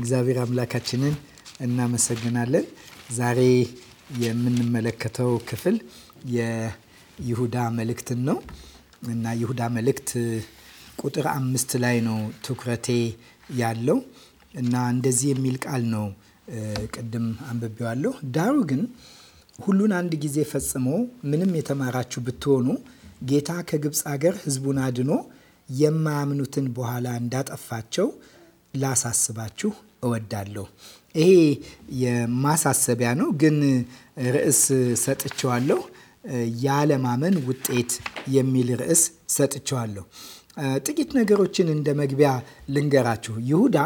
እግዚአብሔር አምላካችንን እናመሰግናለን። ዛሬ የምንመለከተው ክፍል የይሁዳ መልእክትን ነው እና ይሁዳ መልእክት ቁጥር አምስት ላይ ነው ትኩረቴ ያለው እና እንደዚህ የሚል ቃል ነው ቅድም አንብቤዋለሁ። ዳሩ ግን ሁሉን አንድ ጊዜ ፈጽሞ ምንም የተማራችሁ ብትሆኑ ጌታ ከግብፅ አገር ሕዝቡን አድኖ የማያምኑትን በኋላ እንዳጠፋቸው ላሳስባችሁ እወዳለሁ። ይሄ የማሳሰቢያ ነው፣ ግን ርዕስ ሰጥቸዋለሁ ያለማመን ውጤት የሚል ርዕስ ሰጥቸዋለሁ ጥቂት ነገሮችን እንደ መግቢያ ልንገራችሁ። ይሁዳ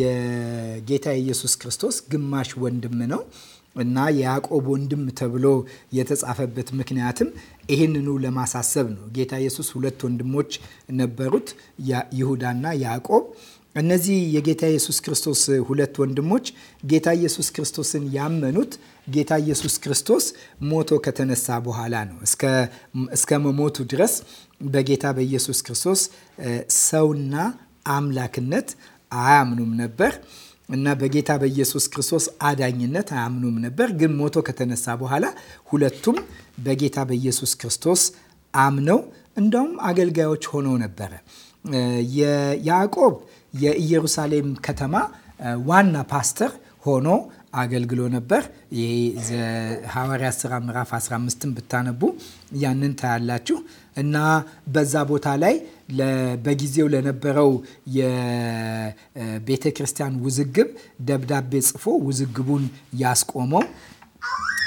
የጌታ የኢየሱስ ክርስቶስ ግማሽ ወንድም ነው እና የያዕቆብ ወንድም ተብሎ የተጻፈበት ምክንያትም ይህንኑ ለማሳሰብ ነው። ጌታ ኢየሱስ ሁለት ወንድሞች ነበሩት፣ ይሁዳና ያዕቆብ እነዚህ የጌታ ኢየሱስ ክርስቶስ ሁለት ወንድሞች ጌታ ኢየሱስ ክርስቶስን ያመኑት ጌታ ኢየሱስ ክርስቶስ ሞቶ ከተነሳ በኋላ ነው። እስከ መሞቱ ድረስ በጌታ በኢየሱስ ክርስቶስ ሰውና አምላክነት አያምኑም ነበር እና በጌታ በኢየሱስ ክርስቶስ አዳኝነት አያምኑም ነበር። ግን ሞቶ ከተነሳ በኋላ ሁለቱም በጌታ በኢየሱስ ክርስቶስ አምነው እንደውም አገልጋዮች ሆኖ ነበረ። ያዕቆብ የኢየሩሳሌም ከተማ ዋና ፓስተር ሆኖ አገልግሎ ነበር። ይሄ ስራ ምዕራፍ 15ን ብታነቡ ያንን ታያላችሁ እና በዛ ቦታ ላይ በጊዜው ለነበረው የቤተ ክርስቲያን ውዝግብ ደብዳቤ ጽፎ ውዝግቡን ያስቆመው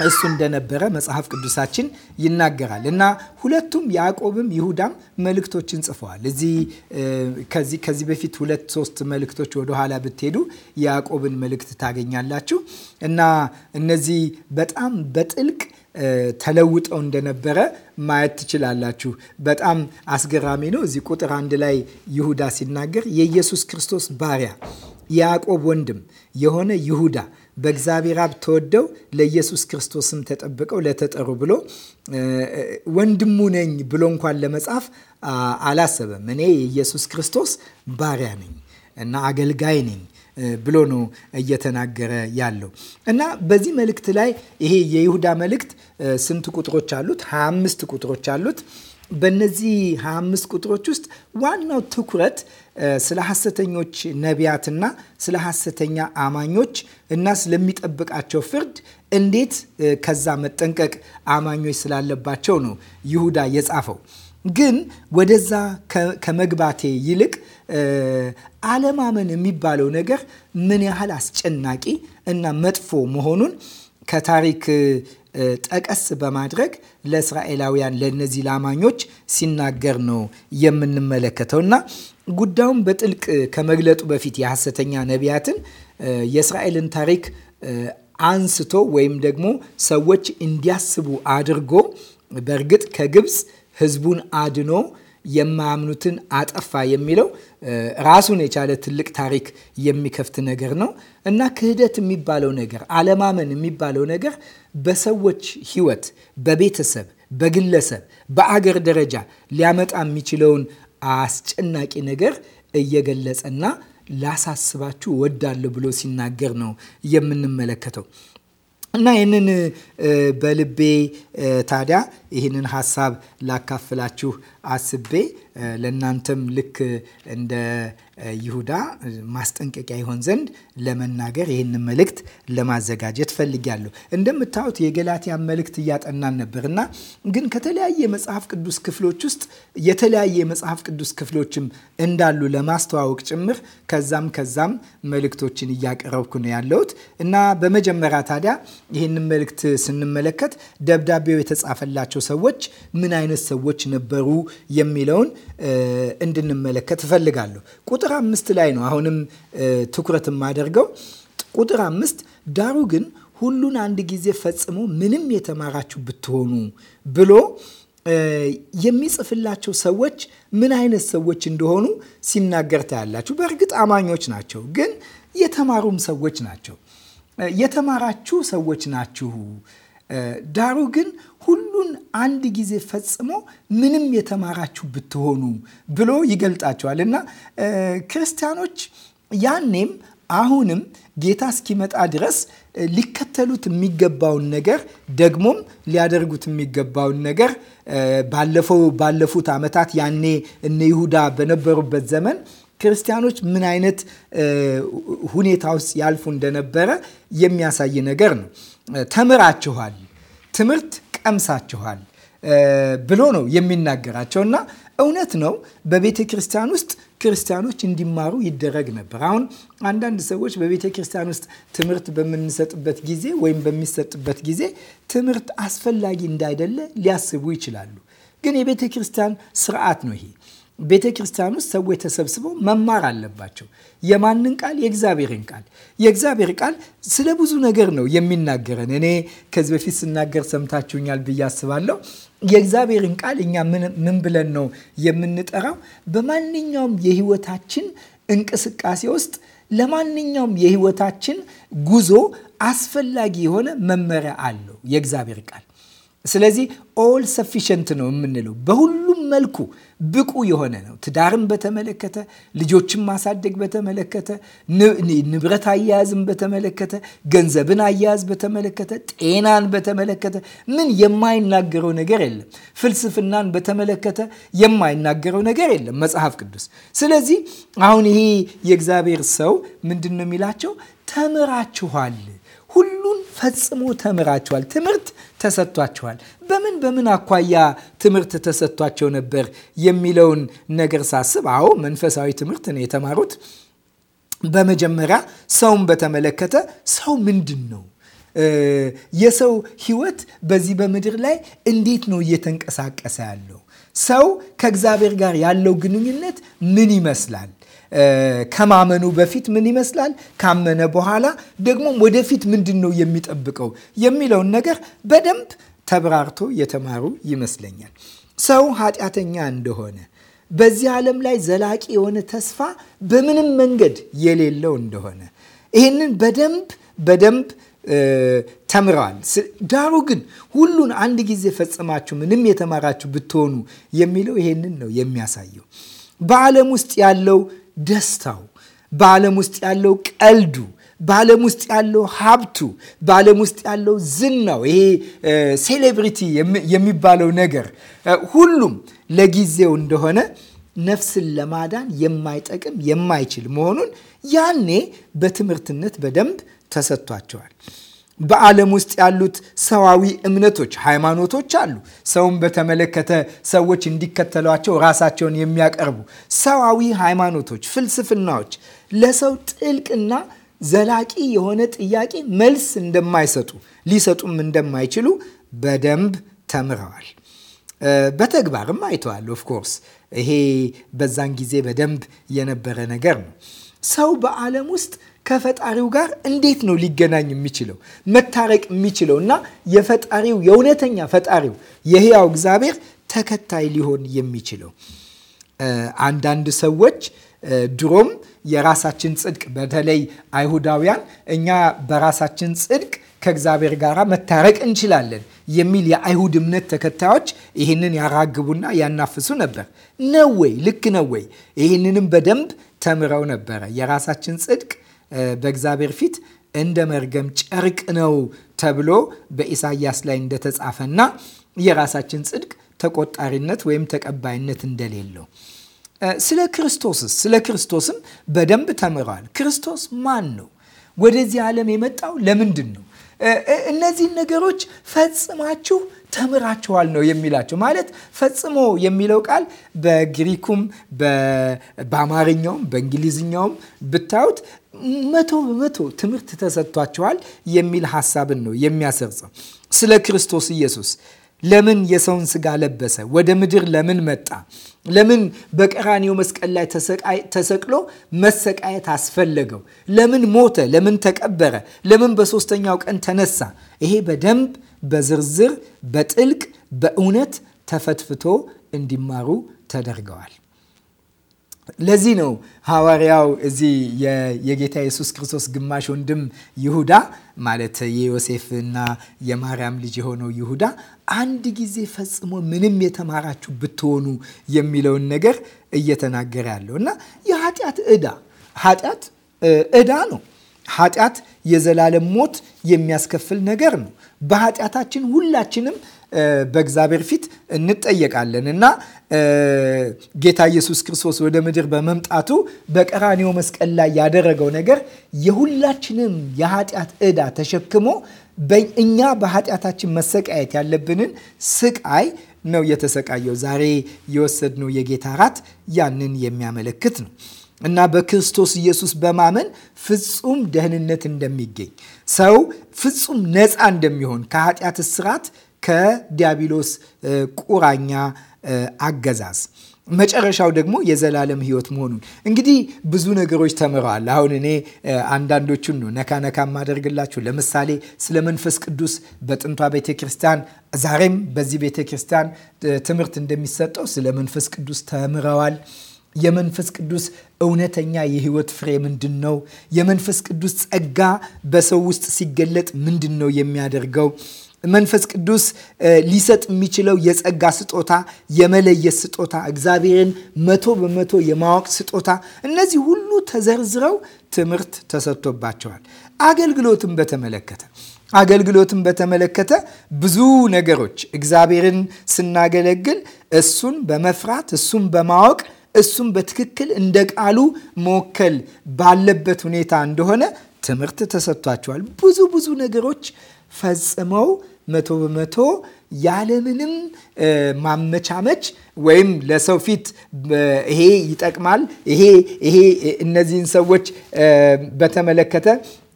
እሱ እንደነበረ መጽሐፍ ቅዱሳችን ይናገራል እና ሁለቱም ያዕቆብም ይሁዳም መልእክቶችን ጽፈዋል። እዚህ ከዚህ በፊት ሁለት ሶስት መልእክቶች ወደኋላ ብትሄዱ የያዕቆብን መልእክት ታገኛላችሁ እና እነዚህ በጣም በጥልቅ ተለውጠው እንደነበረ ማየት ትችላላችሁ። በጣም አስገራሚ ነው። እዚህ ቁጥር አንድ ላይ ይሁዳ ሲናገር የኢየሱስ ክርስቶስ ባሪያ ያዕቆብ ወንድም የሆነ ይሁዳ በእግዚአብሔር አብ ተወደው ለኢየሱስ ክርስቶስም ተጠብቀው ለተጠሩ ብሎ ወንድሙ ነኝ ብሎ እንኳን ለመጻፍ አላሰበም። እኔ የኢየሱስ ክርስቶስ ባሪያ ነኝ እና አገልጋይ ነኝ ብሎ ነው እየተናገረ ያለው እና በዚህ መልእክት ላይ ይሄ የይሁዳ መልእክት ስንት ቁጥሮች አሉት? 25 ቁጥሮች አሉት። በእነዚህ 25 ቁጥሮች ውስጥ ዋናው ትኩረት ስለ ሐሰተኞች ነቢያትና ስለ ሐሰተኛ አማኞች እና ስለሚጠብቃቸው ፍርድ እንዴት ከዛ መጠንቀቅ አማኞች ስላለባቸው ነው ይሁዳ የጻፈው። ግን ወደዛ ከመግባቴ ይልቅ አለማመን የሚባለው ነገር ምን ያህል አስጨናቂ እና መጥፎ መሆኑን ከታሪክ ጠቀስ በማድረግ ለእስራኤላውያን ለእነዚህ ለአማኞች ሲናገር ነው የምንመለከተው እና ጉዳዩን በጥልቅ ከመግለጡ በፊት የሐሰተኛ ነቢያትን የእስራኤልን ታሪክ አንስቶ ወይም ደግሞ ሰዎች እንዲያስቡ አድርጎ በእርግጥ ከግብፅ ህዝቡን አድኖ የማያምኑትን አጠፋ የሚለው ራሱን የቻለ ትልቅ ታሪክ የሚከፍት ነገር ነው እና ክህደት የሚባለው ነገር አለማመን የሚባለው ነገር በሰዎች ህይወት፣ በቤተሰብ፣ በግለሰብ፣ በአገር ደረጃ ሊያመጣ የሚችለውን አስጨናቂ ነገር እየገለጸና ላሳስባችሁ ወዳለሁ ብሎ ሲናገር ነው የምንመለከተው እና ይህንን በልቤ ታዲያ ይህንን ሀሳብ ላካፍላችሁ አስቤ ለእናንተም ልክ እንደ ይሁዳ ማስጠንቀቂያ ይሆን ዘንድ ለመናገር ይህንን መልእክት ለማዘጋጀት ፈልጊያለሁ። እንደምታዩት የገላትያን መልእክት እያጠናን ነበር እና ግን ከተለያየ የመጽሐፍ ቅዱስ ክፍሎች ውስጥ የተለያየ የመጽሐፍ ቅዱስ ክፍሎችም እንዳሉ ለማስተዋወቅ ጭምር ከዛም ከዛም መልእክቶችን እያቀረብኩ ነው ያለሁት እና በመጀመሪያ ታዲያ ይህንን መልእክት ስንመለከት ደብዳቤው የተጻፈላቸው ሰዎች ምን አይነት ሰዎች ነበሩ የሚለውን እንድንመለከት እፈልጋለሁ። ቁጥር አምስት ላይ ነው አሁንም ትኩረት የማደርገው። ቁጥር አምስት ዳሩ ግን ሁሉን አንድ ጊዜ ፈጽሞ ምንም የተማራችሁ ብትሆኑ ብሎ የሚጽፍላቸው ሰዎች ምን አይነት ሰዎች እንደሆኑ ሲናገር ታያላችሁ። በእርግጥ አማኞች ናቸው፣ ግን የተማሩም ሰዎች ናቸው። የተማራችሁ ሰዎች ናችሁ ዳሩ ግን ሁሉን አንድ ጊዜ ፈጽሞ ምንም የተማራችሁ ብትሆኑ ብሎ ይገልጣቸዋል እና ክርስቲያኖች ያኔም አሁንም ጌታ እስኪመጣ ድረስ ሊከተሉት የሚገባውን ነገር ደግሞም ሊያደርጉት የሚገባውን ነገር ባለፈው ባለፉት ዓመታት ያኔ እነ ይሁዳ በነበሩበት ዘመን ክርስቲያኖች ምን አይነት ሁኔታ ውስጥ ያልፉ እንደነበረ የሚያሳይ ነገር ነው። ተምራችኋል፣ ትምህርት ቀምሳችኋል ብሎ ነው የሚናገራቸው እና እውነት ነው። በቤተ ክርስቲያን ውስጥ ክርስቲያኖች እንዲማሩ ይደረግ ነበር። አሁን አንዳንድ ሰዎች በቤተ ክርስቲያን ውስጥ ትምህርት በምንሰጥበት ጊዜ ወይም በሚሰጥበት ጊዜ ትምህርት አስፈላጊ እንዳይደለ ሊያስቡ ይችላሉ። ግን የቤተ ክርስቲያን ስርዓት ነው ይሄ ቤተ ክርስቲያን ውስጥ ሰዎች ተሰብስበው መማር አለባቸው። የማንን ቃል? የእግዚአብሔርን ቃል። የእግዚአብሔር ቃል ስለ ብዙ ነገር ነው የሚናገረን። እኔ ከዚህ በፊት ስናገር ሰምታችሁኛል ብዬ አስባለሁ። የእግዚአብሔርን ቃል እኛ ምን ብለን ነው የምንጠራው? በማንኛውም የህይወታችን እንቅስቃሴ ውስጥ ለማንኛውም የህይወታችን ጉዞ አስፈላጊ የሆነ መመሪያ አለው የእግዚአብሔር ቃል ስለዚህ ኦል ሰፊሸንት ነው የምንለው በሁሉም መልኩ ብቁ የሆነ ነው። ትዳርን በተመለከተ፣ ልጆችን ማሳደግ በተመለከተ፣ ንብረት አያያዝን በተመለከተ፣ ገንዘብን አያያዝ በተመለከተ፣ ጤናን በተመለከተ ምን የማይናገረው ነገር የለም። ፍልስፍናን በተመለከተ የማይናገረው ነገር የለም መጽሐፍ ቅዱስ። ስለዚህ አሁን ይሄ የእግዚአብሔር ሰው ምንድን ነው የሚላቸው? ተምራችኋል ሁሉን ፈጽሞ ተምራችኋል፣ ትምህርት ተሰጥቷችኋል። በምን በምን አኳያ ትምህርት ተሰጥቷቸው ነበር የሚለውን ነገር ሳስብ፣ አዎ መንፈሳዊ ትምህርት ነው የተማሩት። በመጀመሪያ ሰውን በተመለከተ ሰው ምንድን ነው? የሰው ሕይወት በዚህ በምድር ላይ እንዴት ነው እየተንቀሳቀሰ ያለው? ሰው ከእግዚአብሔር ጋር ያለው ግንኙነት ምን ይመስላል? ከማመኑ በፊት ምን ይመስላል፣ ካመነ በኋላ ደግሞ ወደፊት ምንድን ነው የሚጠብቀው የሚለውን ነገር በደንብ ተብራርቶ የተማሩ ይመስለኛል። ሰው ኃጢአተኛ እንደሆነ በዚህ ዓለም ላይ ዘላቂ የሆነ ተስፋ በምንም መንገድ የሌለው እንደሆነ ይህንን በደንብ በደንብ ተምረዋል። ዳሩ ግን ሁሉን አንድ ጊዜ ፈጽማችሁ ምንም የተማራችሁ ብትሆኑ የሚለው ይሄንን ነው የሚያሳየው። በዓለም ውስጥ ያለው ደስታው፣ በዓለም ውስጥ ያለው ቀልዱ፣ በዓለም ውስጥ ያለው ሀብቱ፣ በዓለም ውስጥ ያለው ዝናው፣ ይሄ ሴሌብሪቲ የሚባለው ነገር ሁሉም ለጊዜው እንደሆነ ነፍስን ለማዳን የማይጠቅም የማይችል መሆኑን ያኔ በትምህርትነት በደንብ ተሰጥቷቸዋል። በዓለም ውስጥ ያሉት ሰዋዊ እምነቶች፣ ሃይማኖቶች አሉ። ሰውን በተመለከተ ሰዎች እንዲከተሏቸው ራሳቸውን የሚያቀርቡ ሰዋዊ ሃይማኖቶች፣ ፍልስፍናዎች ለሰው ጥልቅና ዘላቂ የሆነ ጥያቄ መልስ እንደማይሰጡ ሊሰጡም እንደማይችሉ በደንብ ተምረዋል። በተግባርም አይተዋል። ኦፍኮርስ ይሄ በዛን ጊዜ በደንብ የነበረ ነገር ነው። ሰው በዓለም ውስጥ ከፈጣሪው ጋር እንዴት ነው ሊገናኝ የሚችለው መታረቅ የሚችለው እና የፈጣሪው የእውነተኛ ፈጣሪው የህያው እግዚአብሔር ተከታይ ሊሆን የሚችለው? አንዳንድ ሰዎች ድሮም የራሳችን ጽድቅ በተለይ አይሁዳውያን እኛ በራሳችን ጽድቅ ከእግዚአብሔር ጋር መታረቅ እንችላለን የሚል የአይሁድ እምነት ተከታዮች ይህንን ያራግቡና ያናፍሱ ነበር። ነው ወይ? ልክ ነው ወይ? ይህንንም በደንብ ተምረው ነበረ። የራሳችን ጽድቅ በእግዚአብሔር ፊት እንደ መርገም ጨርቅ ነው ተብሎ በኢሳያስ ላይ እንደተጻፈና የራሳችን ጽድቅ ተቆጣሪነት ወይም ተቀባይነት እንደሌለው ስለ ክርስቶስስ ስለ ክርስቶስም በደንብ ተምረዋል። ክርስቶስ ማን ነው? ወደዚህ ዓለም የመጣው ለምንድን ነው? እነዚህን ነገሮች ፈጽማችሁ ተምራችኋል ነው የሚላቸው። ማለት ፈጽሞ የሚለው ቃል በግሪኩም በአማርኛውም በእንግሊዝኛውም ብታዩት መቶ በመቶ ትምህርት ተሰጥቷቸዋል የሚል ሀሳብን ነው የሚያሰርጸው። ስለ ክርስቶስ ኢየሱስ ለምን የሰውን ስጋ ለበሰ? ወደ ምድር ለምን መጣ? ለምን በቀራኒው መስቀል ላይ ተሰቅሎ መሰቃየት አስፈለገው? ለምን ሞተ? ለምን ተቀበረ? ለምን በሶስተኛው ቀን ተነሳ? ይሄ በደንብ በዝርዝር በጥልቅ በእውነት ተፈትፍቶ እንዲማሩ ተደርገዋል። ለዚህ ነው ሐዋርያው እዚህ የጌታ ኢየሱስ ክርስቶስ ግማሽ ወንድም ይሁዳ ማለት የዮሴፍ እና የማርያም ልጅ የሆነው ይሁዳ አንድ ጊዜ ፈጽሞ ምንም የተማራችሁ ብትሆኑ የሚለውን ነገር እየተናገረ ያለው እና የኃጢአት ዕዳ ኃጢአት ዕዳ ነው። ኃጢአት የዘላለም ሞት የሚያስከፍል ነገር ነው። በኃጢአታችን ሁላችንም በእግዚአብሔር ፊት እንጠየቃለን እና ጌታ ኢየሱስ ክርስቶስ ወደ ምድር በመምጣቱ በቀራንዮ መስቀል ላይ ያደረገው ነገር የሁላችንም የኃጢአት ዕዳ ተሸክሞ እኛ በኃጢአታችን መሰቃየት ያለብንን ስቃይ ነው የተሰቃየው። ዛሬ የወሰድነው የጌታ ራት ያንን የሚያመለክት ነው እና በክርስቶስ ኢየሱስ በማመን ፍጹም ደህንነት እንደሚገኝ ሰው ፍጹም ነፃ እንደሚሆን ከኃጢአት እስራት ከዲያብሎስ ቁራኛ አገዛዝ መጨረሻው ደግሞ የዘላለም ህይወት መሆኑን እንግዲህ ብዙ ነገሮች ተምረዋል። አሁን እኔ አንዳንዶቹን ነው ነካ ነካ ማደርግላችሁ። ለምሳሌ ስለ መንፈስ ቅዱስ በጥንቷ ቤተ ክርስቲያን፣ ዛሬም በዚህ ቤተ ክርስቲያን ትምህርት እንደሚሰጠው ስለ መንፈስ ቅዱስ ተምረዋል። የመንፈስ ቅዱስ እውነተኛ የህይወት ፍሬ ምንድን ነው? የመንፈስ ቅዱስ ጸጋ በሰው ውስጥ ሲገለጥ ምንድን ነው የሚያደርገው? መንፈስ ቅዱስ ሊሰጥ የሚችለው የጸጋ ስጦታ፣ የመለየት ስጦታ፣ እግዚአብሔርን መቶ በመቶ የማወቅ ስጦታ፣ እነዚህ ሁሉ ተዘርዝረው ትምህርት ተሰጥቶባቸዋል። አገልግሎትን በተመለከተ አገልግሎትን በተመለከተ ብዙ ነገሮች እግዚአብሔርን ስናገለግል እሱን በመፍራት እሱን በማወቅ እሱን በትክክል እንደ ቃሉ መወከል ባለበት ሁኔታ እንደሆነ ትምህርት ተሰጥቷቸዋል። ብዙ ብዙ ነገሮች ፈጽመው መቶ በመቶ ያለምንም ማመቻመች ወይም ለሰው ፊት ይሄ ይጠቅማል፣ ይሄ ይሄ እነዚህን ሰዎች በተመለከተ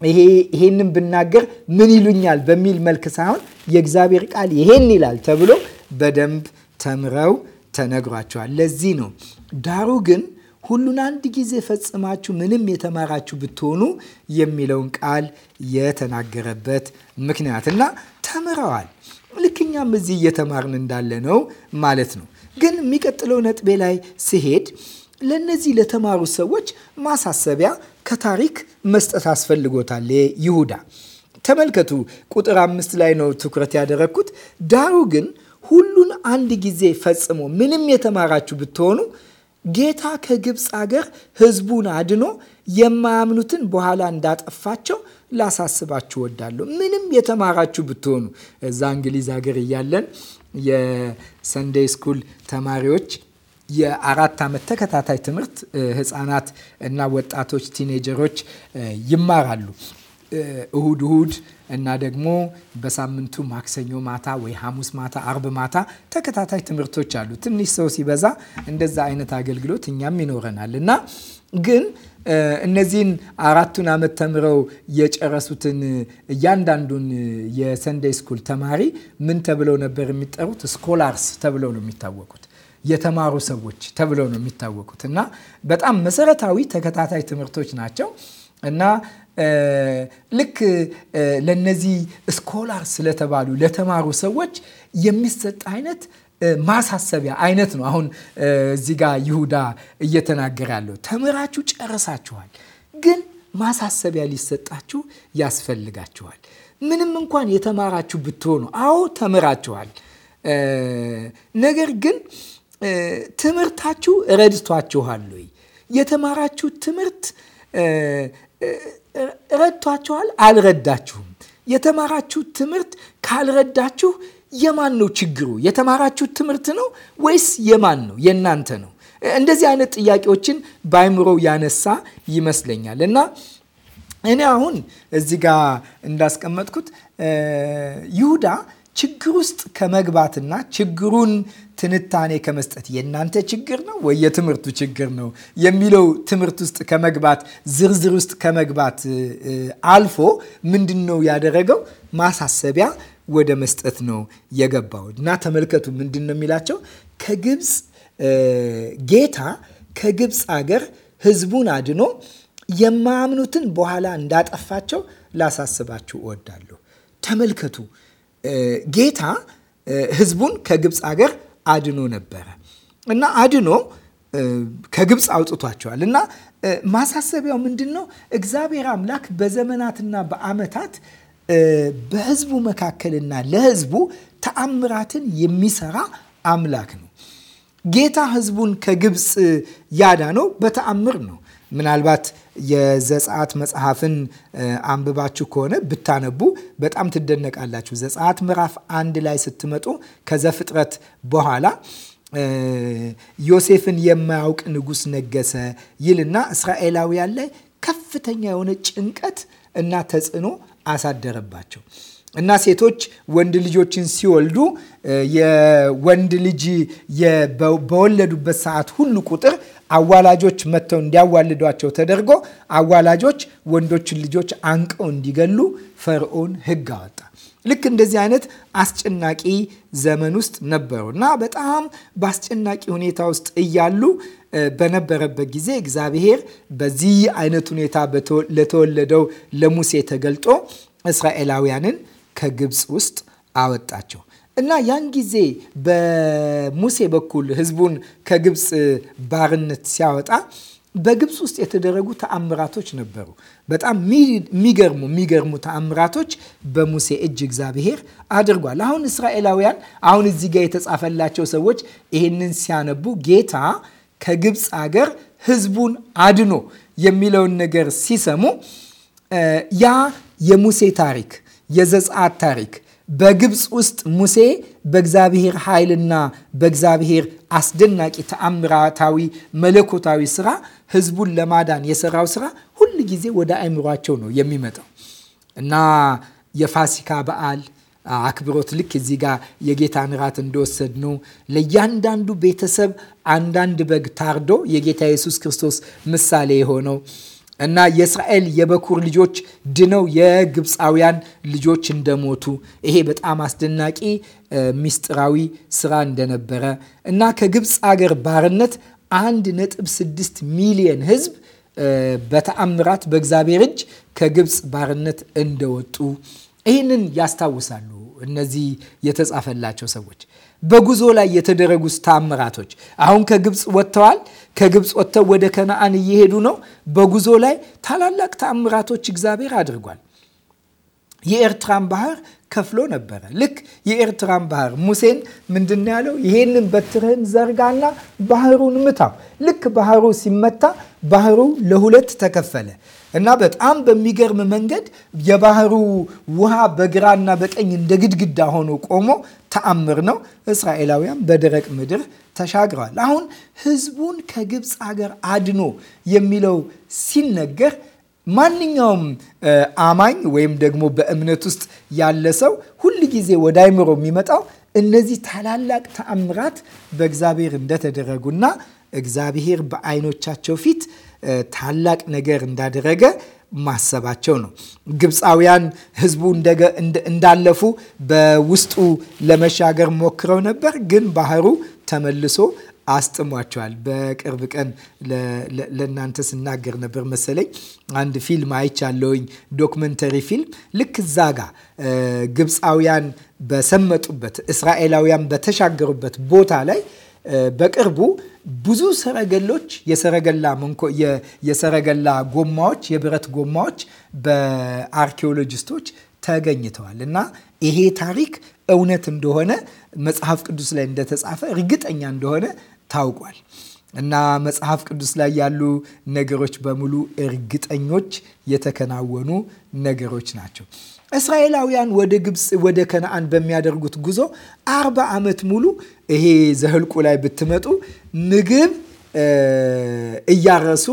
ይሄ ይሄንን ብናገር ምን ይሉኛል በሚል መልክ ሳይሆን የእግዚአብሔር ቃል ይሄን ይላል ተብሎ በደንብ ተምረው ተነግሯቸዋል። ለዚህ ነው ዳሩ ግን ሁሉን አንድ ጊዜ ፈጽማችሁ ምንም የተማራችሁ ብትሆኑ የሚለውን ቃል የተናገረበት ምክንያት እና ተምረዋል። ልክኛም እዚህ እየተማርን እንዳለ ነው ማለት ነው። ግን የሚቀጥለው ነጥቤ ላይ ስሄድ ለእነዚህ ለተማሩ ሰዎች ማሳሰቢያ ከታሪክ መስጠት አስፈልጎታል። ይሁዳ ተመልከቱ፣ ቁጥር አምስት ላይ ነው ትኩረት ያደረግኩት። ዳሩ ግን ሁሉን አንድ ጊዜ ፈጽሞ ምንም የተማራችሁ ብትሆኑ ጌታ ከግብፅ አገር ህዝቡን አድኖ የማያምኑትን በኋላ እንዳጠፋቸው ላሳስባችሁ ወዳለሁ። ምንም የተማራችሁ ብትሆኑ እዛ እንግሊዝ ሀገር እያለን የሰንደይ ስኩል ተማሪዎች የአራት ዓመት ተከታታይ ትምህርት ህፃናት እና ወጣቶች ቲኔጀሮች ይማራሉ። እሁድ እሁድ እና ደግሞ በሳምንቱ ማክሰኞ ማታ ወይ ሐሙስ ማታ፣ አርብ ማታ ተከታታይ ትምህርቶች አሉ። ትንሽ ሰው ሲበዛ እንደዛ አይነት አገልግሎት እኛም ይኖረናል እና ግን እነዚህን አራቱን ዓመት ተምረው የጨረሱትን እያንዳንዱን የሰንደይ ስኩል ተማሪ ምን ተብለው ነበር የሚጠሩት? ስኮላርስ ተብለው ነው የሚታወቁት። የተማሩ ሰዎች ተብለው ነው የሚታወቁት እና በጣም መሰረታዊ ተከታታይ ትምህርቶች ናቸው እና ልክ ለነዚህ ስኮላር ስለተባሉ ለተማሩ ሰዎች የሚሰጥ አይነት ማሳሰቢያ አይነት ነው። አሁን እዚህ ጋር ይሁዳ እየተናገረ ያለው ተምራችሁ ጨርሳችኋል፣ ግን ማሳሰቢያ ሊሰጣችሁ ያስፈልጋችኋል። ምንም እንኳን የተማራችሁ ብትሆኑ፣ አዎ ተምራችኋል፣ ነገር ግን ትምህርታችሁ ረድቷችኋል ወይ? የተማራችሁ ትምህርት ረድቷችኋል? አልረዳችሁም። የተማራችሁ ትምህርት ካልረዳችሁ የማን ነው ችግሩ? የተማራችሁ ትምህርት ነው ወይስ የማን ነው? የእናንተ ነው። እንደዚህ አይነት ጥያቄዎችን በአይምሮው ያነሳ ይመስለኛል እና እኔ አሁን እዚህ ጋር እንዳስቀመጥኩት ይሁዳ ችግር ውስጥ ከመግባትና ችግሩን ትንታኔ ከመስጠት የእናንተ ችግር ነው ወይ የትምህርቱ ችግር ነው የሚለው ትምህርት ውስጥ ከመግባት ዝርዝር ውስጥ ከመግባት አልፎ ምንድን ነው ያደረገው? ማሳሰቢያ ወደ መስጠት ነው የገባው እና ተመልከቱ፣ ምንድን ነው የሚላቸው ከግብፅ ጌታ ከግብፅ አገር ህዝቡን አድኖ የማያምኑትን በኋላ እንዳጠፋቸው ላሳስባችሁ እወዳለሁ። ተመልከቱ ጌታ ህዝቡን ከግብፅ አገር አድኖ ነበረ እና አድኖ ከግብፅ አውጥቷቸዋል እና ማሳሰቢያው ምንድን ነው? እግዚአብሔር አምላክ በዘመናትና በዓመታት በህዝቡ መካከልና ለህዝቡ ተአምራትን የሚሰራ አምላክ ነው። ጌታ ህዝቡን ከግብፅ ያዳነው በተአምር ነው። ምናልባት የዘጸአት መጽሐፍን አንብባችሁ ከሆነ ብታነቡ በጣም ትደነቃላችሁ። ዘጸአት ምዕራፍ አንድ ላይ ስትመጡ ከዘፍጥረት በኋላ ዮሴፍን የማያውቅ ንጉሥ ነገሰ ይልና እስራኤላውያን ላይ ከፍተኛ የሆነ ጭንቀት እና ተጽዕኖ አሳደረባቸው። እና ሴቶች ወንድ ልጆችን ሲወልዱ የወንድ ልጅ በወለዱበት ሰዓት ሁሉ ቁጥር አዋላጆች መጥተው እንዲያዋልዷቸው ተደርጎ አዋላጆች ወንዶችን ልጆች አንቀው እንዲገሉ ፈርዖን ሕግ አወጣ። ልክ እንደዚህ አይነት አስጨናቂ ዘመን ውስጥ ነበሩ እና በጣም በአስጨናቂ ሁኔታ ውስጥ እያሉ በነበረበት ጊዜ እግዚአብሔር በዚህ አይነት ሁኔታ ለተወለደው ለሙሴ ተገልጦ እስራኤላውያንን ከግብፅ ውስጥ አወጣቸው እና ያን ጊዜ በሙሴ በኩል ህዝቡን ከግብፅ ባርነት ሲያወጣ በግብፅ ውስጥ የተደረጉ ተአምራቶች ነበሩ። በጣም የሚገርሙ የሚገርሙ ተአምራቶች በሙሴ እጅ እግዚአብሔር አድርጓል። አሁን እስራኤላውያን አሁን እዚህ ጋር የተጻፈላቸው ሰዎች ይህንን ሲያነቡ ጌታ ከግብፅ አገር ህዝቡን አድኖ የሚለውን ነገር ሲሰሙ ያ የሙሴ ታሪክ የዘጸአት ታሪክ በግብፅ ውስጥ ሙሴ በእግዚአብሔር ኃይልና በእግዚአብሔር አስደናቂ ተአምራታዊ መለኮታዊ ስራ ህዝቡን ለማዳን የሰራው ስራ ሁል ጊዜ ወደ አይምሯቸው ነው የሚመጣው እና የፋሲካ በዓል አክብሮት ልክ እዚህ ጋር የጌታን ራት እንደወሰድ ነው። ለእያንዳንዱ ቤተሰብ አንዳንድ በግ ታርዶ የጌታ ኢየሱስ ክርስቶስ ምሳሌ የሆነው እና የእስራኤል የበኩር ልጆች ድነው የግብፃውያን ልጆች እንደሞቱ ይሄ በጣም አስደናቂ ሚስጥራዊ ስራ እንደነበረ እና ከግብፅ አገር ባርነት አንድ ነጥብ ስድስት ሚሊየን ህዝብ በተአምራት በእግዚአብሔር እጅ ከግብፅ ባርነት እንደወጡ ይህንን ያስታውሳሉ። እነዚህ የተጻፈላቸው ሰዎች በጉዞ ላይ የተደረጉት ተአምራቶች አሁን ከግብፅ ወጥተዋል። ከግብፅ ወጥተው ወደ ከነአን እየሄዱ ነው። በጉዞ ላይ ታላላቅ ተአምራቶች እግዚአብሔር አድርጓል። የኤርትራን ባህር ከፍሎ ነበረ። ልክ የኤርትራን ባህር ሙሴን ምንድን ያለው? ይሄንን በትርህን ዘርጋና ባህሩን ምታው። ልክ ባህሩ ሲመታ ባህሩ ለሁለት ተከፈለ እና በጣም በሚገርም መንገድ የባህሩ ውሃ በግራና በቀኝ እንደ ግድግዳ ሆኖ ቆሞ ተአምር ነው። እስራኤላውያን በደረቅ ምድር ተሻግረዋል። አሁን ህዝቡን ከግብፅ ሀገር አድኖ የሚለው ሲነገር ማንኛውም አማኝ ወይም ደግሞ በእምነት ውስጥ ያለ ሰው ሁል ጊዜ ወደ አይምሮ የሚመጣው እነዚህ ታላላቅ ተአምራት በእግዚአብሔር እንደተደረጉና እግዚአብሔር በአይኖቻቸው ፊት ታላቅ ነገር እንዳደረገ ማሰባቸው ነው። ግብፃውያን ህዝቡ እንዳለፉ በውስጡ ለመሻገር ሞክረው ነበር፣ ግን ባህሩ ተመልሶ አስጥሟቸዋል። በቅርብ ቀን ለእናንተ ስናገር ነበር መሰለኝ አንድ ፊልም አይቻለውኝ፣ ዶክመንተሪ ፊልም ልክ እዛ ጋ ግብፃውያን በሰመጡበት እስራኤላውያን በተሻገሩበት ቦታ ላይ በቅርቡ ብዙ ሰረገሎች የሰረገላ መንኮ የሰረገላ ጎማዎች የብረት ጎማዎች በአርኪኦሎጂስቶች ተገኝተዋል እና ይሄ ታሪክ እውነት እንደሆነ መጽሐፍ ቅዱስ ላይ እንደተጻፈ እርግጠኛ እንደሆነ ታውቋል። እና መጽሐፍ ቅዱስ ላይ ያሉ ነገሮች በሙሉ እርግጠኞች የተከናወኑ ነገሮች ናቸው። እስራኤላውያን ወደ ግብፅ ወደ ከነአን በሚያደርጉት ጉዞ አርባ ዓመት ሙሉ ይሄ ዘህልቁ ላይ ብትመጡ ምግብ እያረሱ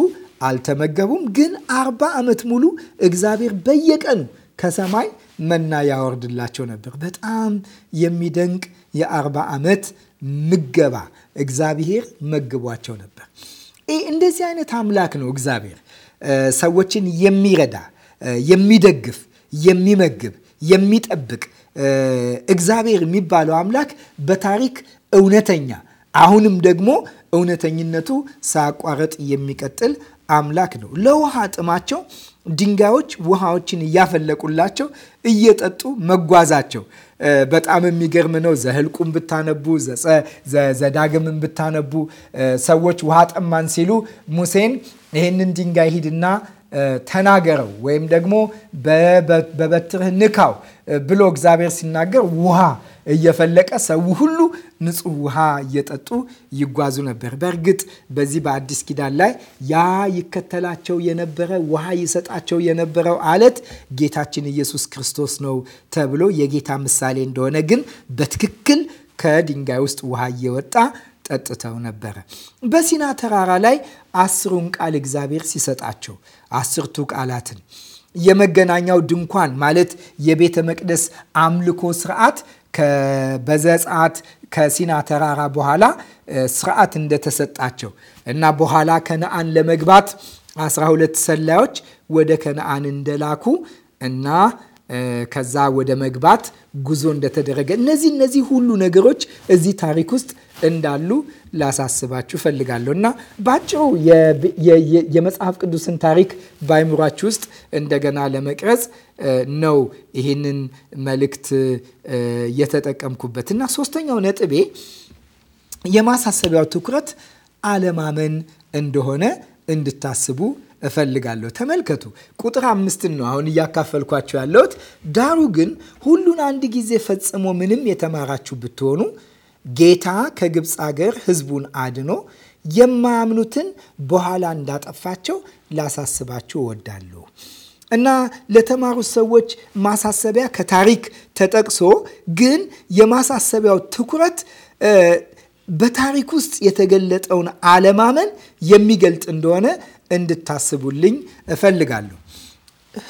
አልተመገቡም። ግን አርባ ዓመት ሙሉ እግዚአብሔር በየቀኑ ከሰማይ መና ያወርድላቸው ነበር። በጣም የሚደንቅ የአርባ ዓመት ምገባ እግዚአብሔር መግቧቸው ነበር። እንደዚህ አይነት አምላክ ነው እግዚአብሔር ሰዎችን የሚረዳ የሚደግፍ የሚመግብ የሚጠብቅ እግዚአብሔር የሚባለው አምላክ በታሪክ እውነተኛ አሁንም ደግሞ እውነተኝነቱ ሳያቋረጥ የሚቀጥል አምላክ ነው። ለውሃ ጥማቸው ድንጋዮች ውሃዎችን እያፈለቁላቸው እየጠጡ መጓዛቸው በጣም የሚገርም ነው። ዘህልቁን ብታነቡ ዘዳግምን ብታነቡ ሰዎች ውሃ ጠማን ሲሉ ሙሴን ይህንን ድንጋይ ሂድና ተናገረው ወይም ደግሞ በበትርህ ንካው ብሎ እግዚአብሔር ሲናገር ውሃ እየፈለቀ ሰው ሁሉ ንጹህ ውሃ እየጠጡ ይጓዙ ነበር። በእርግጥ በዚህ በአዲስ ኪዳን ላይ ያ ይከተላቸው የነበረ ውሃ ይሰጣቸው የነበረው አለት ጌታችን ኢየሱስ ክርስቶስ ነው ተብሎ የጌታ ምሳሌ እንደሆነ ግን በትክክል ከድንጋይ ውስጥ ውሃ እየወጣ ጠጥተው ነበረ። በሲና ተራራ ላይ አስሩን ቃል እግዚአብሔር ሲሰጣቸው አስርቱ ቃላትን የመገናኛው ድንኳን ማለት የቤተ መቅደስ አምልኮ ስርዓት በዘጸአት ከሲና ተራራ በኋላ ስርዓት እንደተሰጣቸው እና በኋላ ከነአን ለመግባት 12 ሰላዮች ወደ ከነአን እንደላኩ እና ከዛ ወደ መግባት ጉዞ እንደተደረገ እነዚህ እነዚህ ሁሉ ነገሮች እዚህ ታሪክ ውስጥ እንዳሉ ላሳስባችሁ ፈልጋለሁ እና በአጭሩ የመጽሐፍ ቅዱስን ታሪክ በአይምሯችሁ ውስጥ እንደገና ለመቅረጽ ነው ይህንን መልእክት የተጠቀምኩበት እና ሶስተኛው ነጥቤ የማሳሰቢያው ትኩረት አለማመን እንደሆነ እንድታስቡ እፈልጋለሁ። ተመልከቱ ቁጥር አምስትን ነው አሁን እያካፈልኳቸው ያለሁት። ዳሩ ግን ሁሉን አንድ ጊዜ ፈጽሞ ምንም የተማራችሁ ብትሆኑ ጌታ ከግብፅ አገር ሕዝቡን አድኖ የማያምኑትን በኋላ እንዳጠፋቸው ላሳስባችሁ እወዳለሁ። እና ለተማሩት ሰዎች ማሳሰቢያ ከታሪክ ተጠቅሶ ግን የማሳሰቢያው ትኩረት በታሪክ ውስጥ የተገለጠውን አለማመን የሚገልጥ እንደሆነ እንድታስቡልኝ እፈልጋለሁ።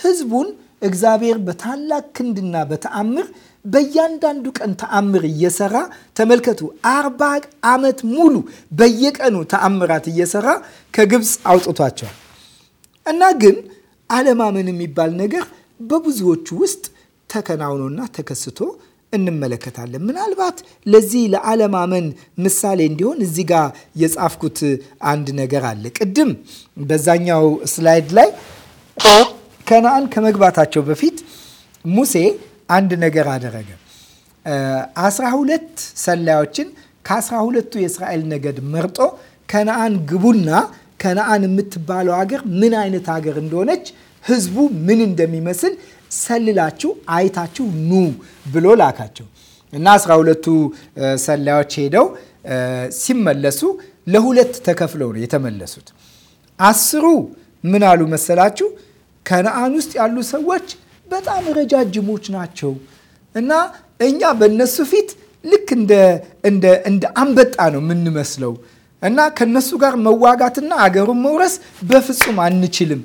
ህዝቡን እግዚአብሔር በታላቅ ክንድና በተአምር በእያንዳንዱ ቀን ተአምር እየሰራ ተመልከቱ። አርባ ዓመት ሙሉ በየቀኑ ተአምራት እየሰራ ከግብፅ አውጥቷቸዋል እና ግን አለማመን የሚባል ነገር በብዙዎቹ ውስጥ ተከናውኖና ተከስቶ እንመለከታለን። ምናልባት ለዚህ ለአለማመን ምሳሌ እንዲሆን እዚህ ጋር የጻፍኩት አንድ ነገር አለ። ቅድም በዛኛው ስላይድ ላይ ከነአን ከመግባታቸው በፊት ሙሴ አንድ ነገር አደረገ። አስራ ሁለት ሰላዮችን ከአስራ ሁለቱ የእስራኤል ነገድ መርጦ ከነአን ግቡና ከነአን የምትባለው ሀገር ምን አይነት ሀገር እንደሆነች ህዝቡ ምን እንደሚመስል ሰልላችሁ አይታችሁ ኑ ብሎ ላካቸው እና አስራ ሁለቱ ሰላዮች ሄደው ሲመለሱ ለሁለት ተከፍለው ነው የተመለሱት። አስሩ ምን አሉ መሰላችሁ? ከነአን ውስጥ ያሉ ሰዎች በጣም ረጃጅሞች ናቸው እና እኛ በእነሱ ፊት ልክ እንደ አንበጣ ነው የምንመስለው እና ከነሱ ጋር መዋጋትና አገሩን መውረስ በፍጹም አንችልም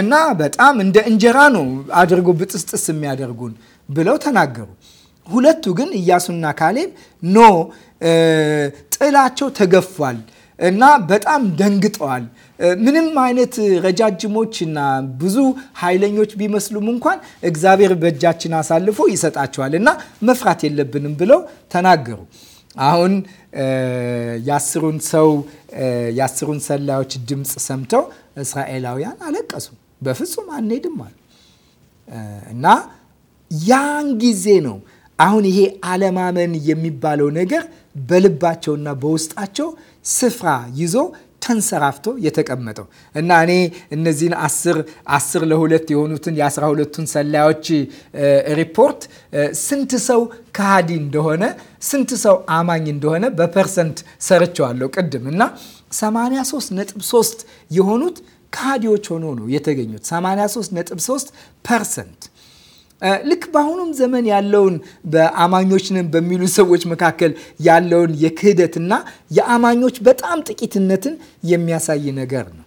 እና በጣም እንደ እንጀራ ነው አድርጎ ብጥስጥስ የሚያደርጉን ብለው ተናገሩ። ሁለቱ ግን ኢያሱና ካሌብ ኖ ጥላቸው ተገፏል እና በጣም ደንግጠዋል። ምንም አይነት ረጃጅሞች እና ብዙ ኃይለኞች ቢመስሉም እንኳን እግዚአብሔር በእጃችን አሳልፎ ይሰጣቸዋል እና መፍራት የለብንም ብለው ተናገሩ። አሁን የአስሩን ሰው የአስሩን ሰላዮች ድምፅ ሰምተው እስራኤላውያን አለቀሱ። በፍጹም አንሄድም አሉ እና ያን ጊዜ ነው አሁን ይሄ አለማመን የሚባለው ነገር በልባቸውና በውስጣቸው ስፍራ ይዞ ተንሰራፍቶ የተቀመጠው እና እኔ እነዚህን አስር አስር ለሁለት የሆኑትን የአስራ ሁለቱን ሰላዮች ሪፖርት ስንት ሰው ከሃዲ እንደሆነ ስንት ሰው አማኝ እንደሆነ በፐርሰንት ሰርቸዋለሁ ቅድም እና 83 ነጥብ 3 የሆኑት ከሃዲዎች ሆኖ ነው የተገኙት 83.3 ፐርሰንት። ልክ በአሁኑም ዘመን ያለውን በአማኞችንም በሚሉ ሰዎች መካከል ያለውን የክህደትና የአማኞች በጣም ጥቂትነትን የሚያሳይ ነገር ነው።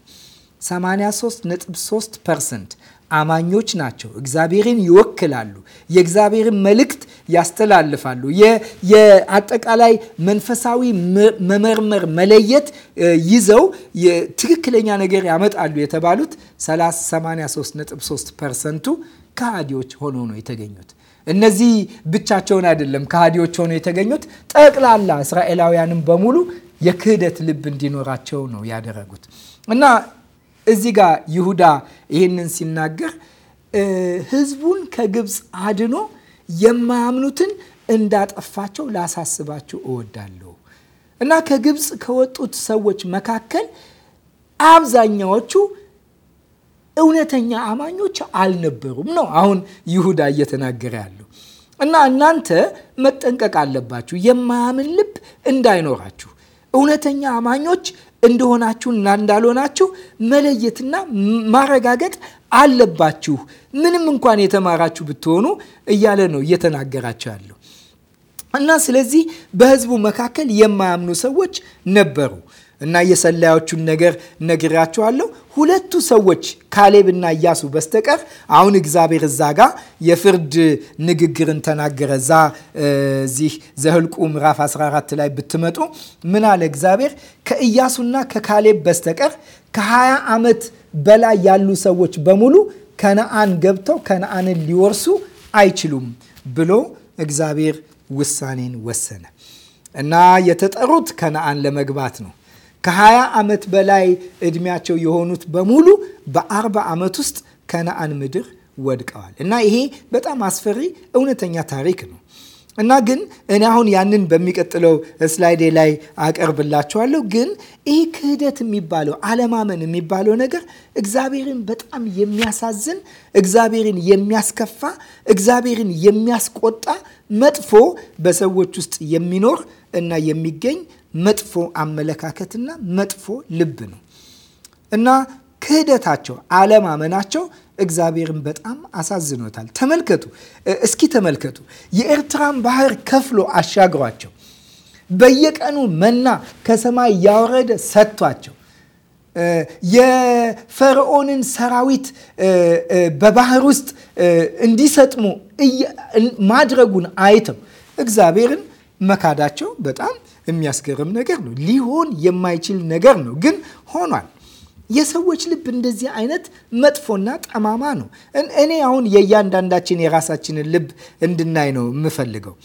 83.3 ፐርሰንት አማኞች ናቸው። እግዚአብሔርን ይወክላሉ። የእግዚአብሔርን መልእክት ያስተላልፋሉ። የአጠቃላይ መንፈሳዊ መመርመር፣ መለየት ይዘው ትክክለኛ ነገር ያመጣሉ የተባሉት 83.3 ፐርሰንቱ ከሃዲዎች ሆኖ ነው የተገኙት። እነዚህ ብቻቸውን አይደለም ከሃዲዎች ሆኖ የተገኙት። ጠቅላላ እስራኤላውያንም በሙሉ የክህደት ልብ እንዲኖራቸው ነው ያደረጉት እና እዚህ ጋር ይሁዳ ይህንን ሲናገር ህዝቡን ከግብፅ አድኖ የማያምኑትን እንዳጠፋቸው ላሳስባችሁ እወዳለሁ እና ከግብፅ ከወጡት ሰዎች መካከል አብዛኛዎቹ እውነተኛ አማኞች አልነበሩም ነው አሁን ይሁዳ እየተናገረ ያለው። እና እናንተ መጠንቀቅ አለባችሁ፣ የማያምን ልብ እንዳይኖራችሁ። እውነተኛ አማኞች እንደሆናችሁና እንዳልሆናችሁ መለየትና ማረጋገጥ አለባችሁ፣ ምንም እንኳን የተማራችሁ ብትሆኑ እያለ ነው እየተናገራቸው ያለው እና ስለዚህ በህዝቡ መካከል የማያምኑ ሰዎች ነበሩ እና የሰላዮቹን ነገር ነግራችኋለሁ። ሁለቱ ሰዎች ካሌብና ኢያሱ በስተቀር አሁን እግዚአብሔር እዛ ጋ የፍርድ ንግግርን ተናገረ። እዛ እዚህ ዘህልቁ ምዕራፍ 14 ላይ ብትመጡ ምን አለ እግዚአብሔር? ከኢያሱና ከካሌብ በስተቀር ከ20 ዓመት በላይ ያሉ ሰዎች በሙሉ ከነአን ገብተው ከነአንን ሊወርሱ አይችሉም ብሎ እግዚአብሔር ውሳኔን ወሰነ እና የተጠሩት ከነአን ለመግባት ነው ከ20 ዓመት በላይ እድሜያቸው የሆኑት በሙሉ በ በ40 ዓመት ውስጥ ከነአን ምድር ወድቀዋል እና ይሄ በጣም አስፈሪ እውነተኛ ታሪክ ነው እና ግን እኔ አሁን ያንን በሚቀጥለው ስላይዴ ላይ አቀርብላችኋለሁ። ግን ይህ ክህደት የሚባለው አለማመን የሚባለው ነገር እግዚአብሔርን በጣም የሚያሳዝን፣ እግዚአብሔርን የሚያስከፋ፣ እግዚአብሔርን የሚያስቆጣ መጥፎ በሰዎች ውስጥ የሚኖር እና የሚገኝ መጥፎ አመለካከትና መጥፎ ልብ ነው እና ክህደታቸው፣ አለማመናቸው እግዚአብሔርን በጣም አሳዝኖታል። ተመልከቱ እስኪ ተመልከቱ። የኤርትራን ባህር ከፍሎ አሻግሯቸው በየቀኑ መና ከሰማይ ያወረደ ሰጥቷቸው የፈርዖንን ሰራዊት በባህር ውስጥ እንዲሰጥሙ ማድረጉን አይተው እግዚአብሔርን መካዳቸው በጣም የሚያስገርም ነገር ነው። ሊሆን የማይችል ነገር ነው፣ ግን ሆኗል። የሰዎች ልብ እንደዚህ አይነት መጥፎና ጠማማ ነው። እኔ አሁን የእያንዳንዳችን የራሳችንን ልብ እንድናይ ነው የምፈልገው።